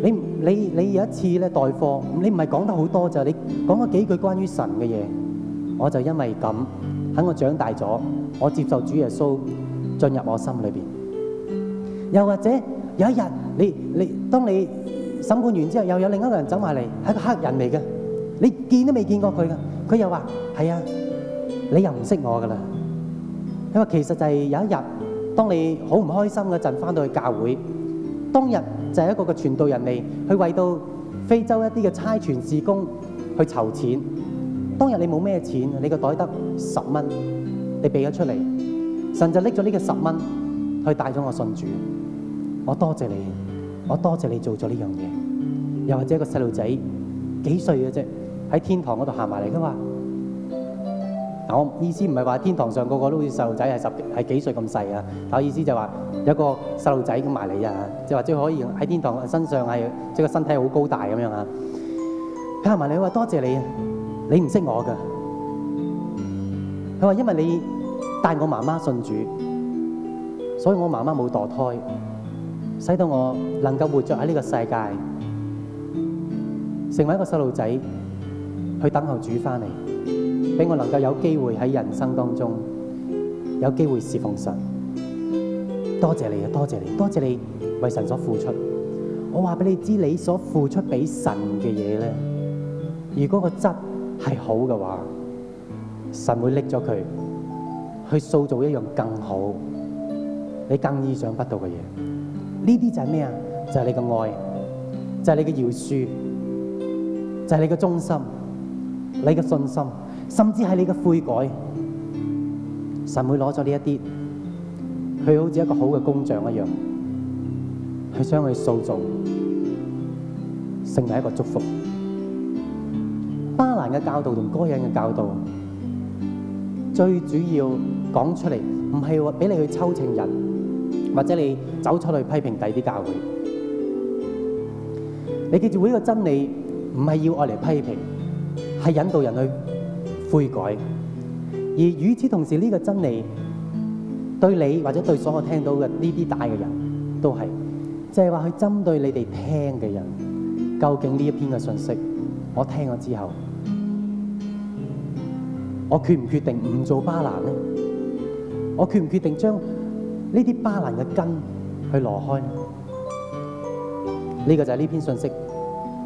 你你你有一次咧代課，你唔係講得好多就係，你講咗幾句關於神嘅嘢，我就因為咁。等我長大咗，我接受主耶穌進入我心裏邊。又或者有一日，你你當你審判完之後，又有另一個人走埋嚟，係個黑人嚟嘅，你見都未見過佢嘅，佢又話：係啊，你又唔識我㗎喇。因為其實就係有一日，當你好唔開心嗰陣，返到去教會，當日就係一個嘅傳道人嚟，去為到非洲一啲嘅差傳事工去籌錢。當日你冇咩錢，你個袋得十蚊，你俾咗出嚟，甚至拎咗呢個十蚊去帶咗我信主。我多謝你，我多謝你做咗呢樣嘢。又或者一個細路仔幾歲嘅啫？喺天堂嗰度行埋嚟噶嘛？嗱，我意思唔係話天堂上個個都好似細路仔係十係幾歲咁細啊。但我意思就係話有一個細路仔咁埋嚟啊，即係或者可以喺天堂身上係即係個身體好高大咁樣啊。佢行埋嚟話多謝你。你唔識我嘅，佢話：因為你帶我媽媽信主，所以我媽媽冇墮胎，使到我能夠活著喺呢個世界，成為一個細路仔去等候主翻嚟，俾我能夠有機會喺人生當中有機會侍奉神。多謝你啊！多謝你！多謝你為神所付出。我話俾你知，你所付出俾神嘅嘢咧，如果個質，係好嘅話，神會拎咗佢去塑造一樣更好，你更意想不到嘅嘢。呢啲就係咩啊？就係你嘅愛，就係你嘅饒恕，就係你嘅忠心，你嘅信心，甚至係你嘅悔改。神會攞咗呢一啲，佢好似一個好嘅工匠一樣，去將佢塑造成為一個祝福。巴蘭嘅教導同歌人嘅教導，最主要講出嚟，唔係話俾你去抽秤人，或者你走出去批評第二啲教會。你記住呢個真理，唔係要愛嚟批評，係引導人去悔改。而與此同時，呢個真理對你或者對所有聽到嘅呢啲大嘅人都係，即係話去針對你哋聽嘅人。究竟呢一篇嘅信息，我聽咗之後。我決唔決定唔做巴蘭呢？我決唔決定將呢啲巴蘭嘅根去挪開呢？呢、這個就係呢篇信息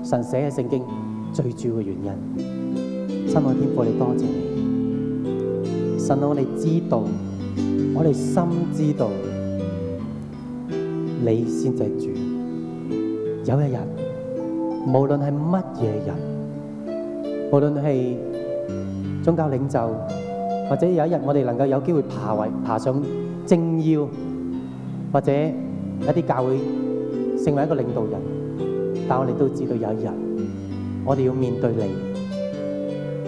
神寫嘅聖經最主要嘅原因。親愛的天父，你多謝你，神令我哋知道，我哋心知道，你先至係主。有一日，無論係乜嘢人，無論係。宗教領袖，或者有一日我哋能夠有機會爬位爬上政要，或者一啲教會成為一個領導人，但我哋都知道有一日我哋要面對你。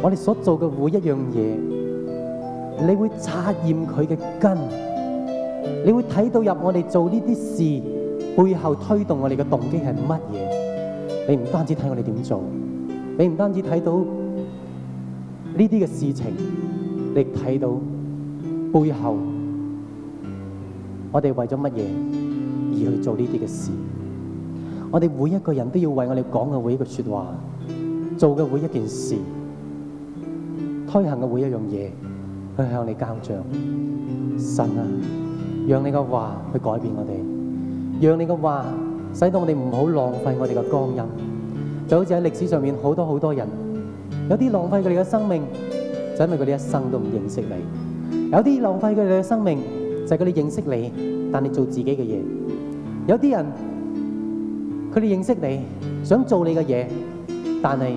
我哋所做嘅每一樣嘢，你會察驗佢嘅根，你會睇到入我哋做呢啲事背後推動我哋嘅動機係乜嘢。你唔單止睇我哋點做，你唔單止睇到。呢啲嘅事情，你睇到背後我哋為咗乜嘢而去做呢啲嘅事？我哋每一個人都要為我哋講嘅每一個說話、做嘅每一件事、推行嘅每一樣嘢，去向你交賬。神啊，讓你嘅話去改變我哋，讓你嘅話使到我哋唔好浪費我哋嘅光陰，就好似喺歷史上面好多好多人。有啲浪費佢哋嘅生命，就因為佢哋一生都唔認識你；有啲浪費佢哋嘅生命，就係佢哋認識你，但你做自己嘅嘢。有啲人佢哋認識你，想做你嘅嘢，但係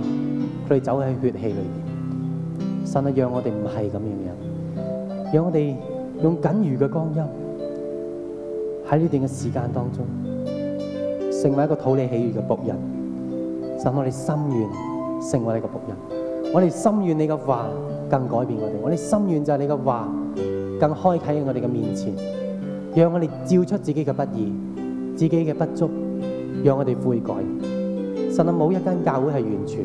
佢哋走喺血氣裏面。神啊，讓我哋唔係咁樣樣，讓我哋用僅餘嘅光陰喺呢段嘅時間當中，成為一個討你喜悅嘅僕人。神啊，我哋心願成為一個僕人。我哋心願你嘅話更改變我哋，我哋心願就係你嘅話更開啟喺我哋嘅面前，讓我哋照出自己嘅不義，自己嘅不足，讓我哋悔改。神啊，冇一間教會係完全，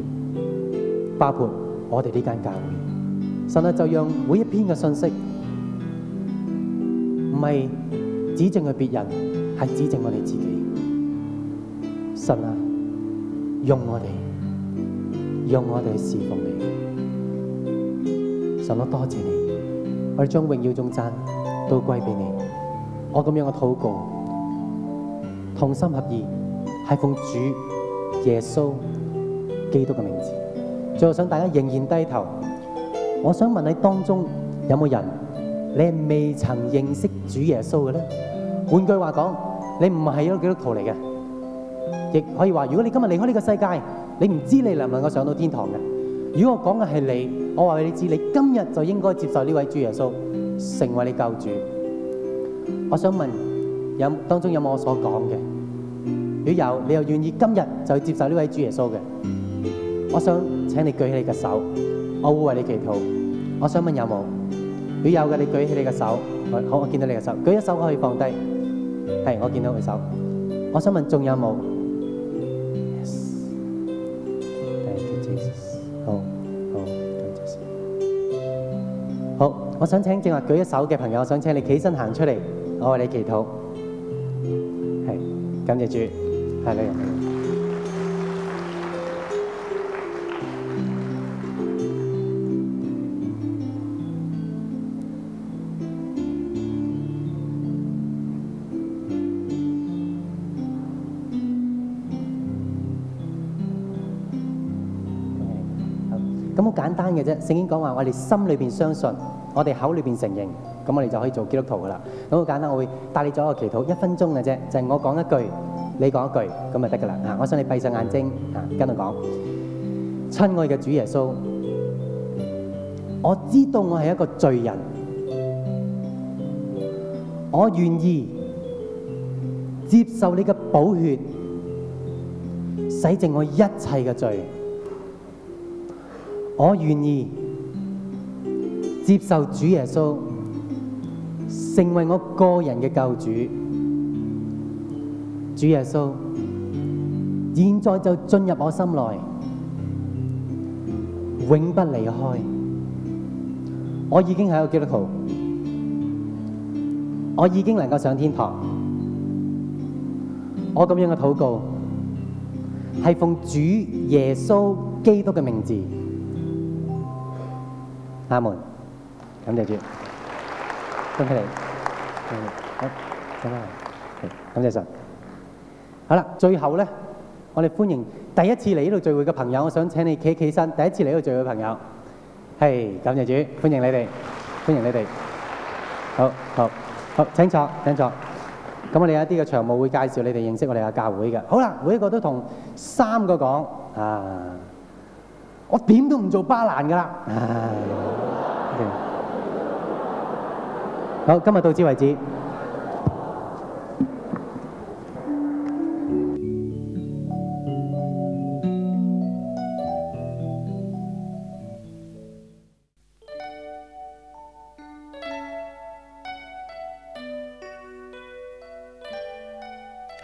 包括我哋呢間教會。神啊，就讓每一篇嘅信息唔係指正嘅別人，係指正我哋自己。神啊，用我哋。讓我哋侍奉你，神啊，多謝你，我哋將榮耀中讚都歸俾你。我咁樣嘅禱告，同心合意，係奉主耶穌基督嘅名字。最後想大家仍然低頭，我想問你當中有冇人，你未曾認識主耶穌嘅咧？換句話講，你唔係一個基督徒嚟嘅，亦可以話，如果你今日離開呢個世界。你唔知你能唔能夠上到天堂嘅？如果我講嘅係你，我話俾你知，你今日就應該接受呢位主耶穌成為你救主。我想問有當中有冇我所講嘅？如果有，你又願意今日就接受呢位主耶穌嘅？我想請你舉起你嘅手，我會為你祈禱。我想問有冇？如果有嘅，你舉起你嘅手。好，我見到你嘅手，舉一手我可以放低。係，我見到佢手。我想問仲有冇？我想請正話舉一手嘅朋友，我想請你起身行出嚟，我為你祈禱。係，感謝主，係你。咁好簡單嘅啫，聖經講話我哋心裏邊相信，我哋口裏邊承認，咁我哋就可以做基督徒噶啦。咁好簡單，我會帶你做一個祈禱，一分鐘嘅啫，就係、是、我講一句，你講一句，咁咪得噶啦。我想你閉上眼睛，跟住講，親愛嘅主耶穌，我知道我係一個罪人，我願意接受你嘅寶血，洗淨我一切嘅罪，我願意。接受主耶穌成為我個人的救主。感謝主，恭喜你，恭喜你，好，咁啊，感謝神。好啦，最後咧，我哋歡迎第一次嚟呢度聚會嘅朋友。我想請你企起身。第一次嚟呢度聚會嘅朋友，係、hey, 感謝主，歡迎你哋，歡迎你哋。好好好，請坐，請坐。咁我哋有一啲嘅場務會介紹你哋認識我哋嘅教會嘅。好啦，每一個都同三個講啊，我點都唔做巴蘭噶啦。啊 <laughs> 好，今日到此為止。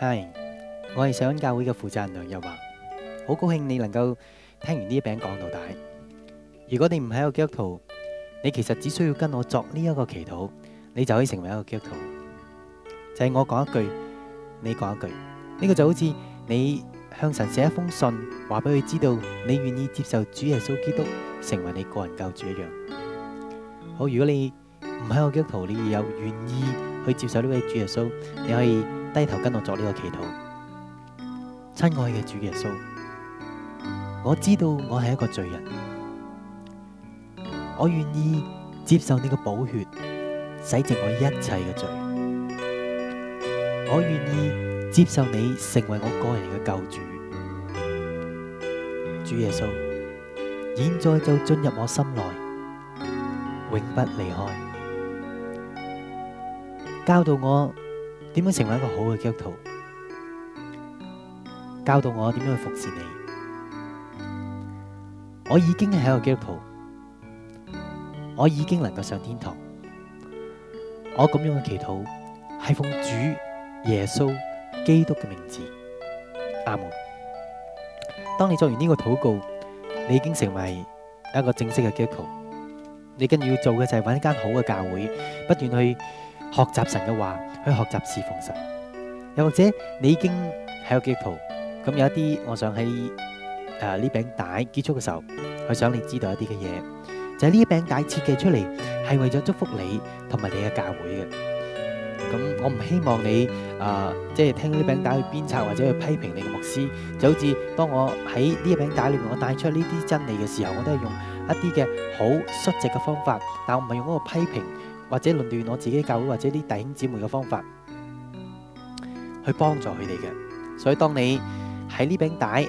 係，我係上恩教會嘅負責人梁日華，好高興你能夠聽完呢一篇講到大。如果你唔係個基督徒，你其實只需要跟我作呢一個祈禱。你就可以成為一個基督徒，就係、是、我講一句，你講一句，呢、這個就好似你向神寫一封信，話俾佢知道你願意接受主耶穌基督成為你個人救主一樣。好，如果你唔係我基督徒，你有願意去接受呢位主耶穌，你可以低頭跟我作呢個祈禱。親愛嘅主耶穌，我知道我係一個罪人，我願意接受你嘅寶血，洗淨我一切嘅罪，我願意接受你成為我個人嘅救主。主耶穌，現在就進入我心內，永不離開。教導我點樣成為一個好嘅基督徒，教導我點樣去服侍你。我已經係一個基督徒，我已經能夠上天堂。我咁樣嘅祈禱係奉主耶穌基督嘅名字，阿門。當你做完呢個禱告，你已經成為一個正式嘅基督徒。你跟住要做嘅就係揾一間好嘅教會，不斷去學習神嘅話，去學習侍奉神。又或者你已經係個基督徒，咁有一啲，我想喺誒呢餅帶結束嘅時候，我想你知道一啲嘅嘢。就呢、係、一餅帶設計出嚟，係為咗祝福你同埋你嘅教會嘅。咁我唔希望你啊，即、呃、係、就是、聽呢餅帶去鞭策或者去批評你嘅牧師。就好似當我喺呢一餅帶裏面，我帶出呢啲真理嘅時候，我都係用一啲嘅好率直嘅方法，但我唔係用嗰個批評或者論斷我自己教會或者啲弟兄姊妹嘅方法去幫助佢哋嘅。所以當你喺呢餅帶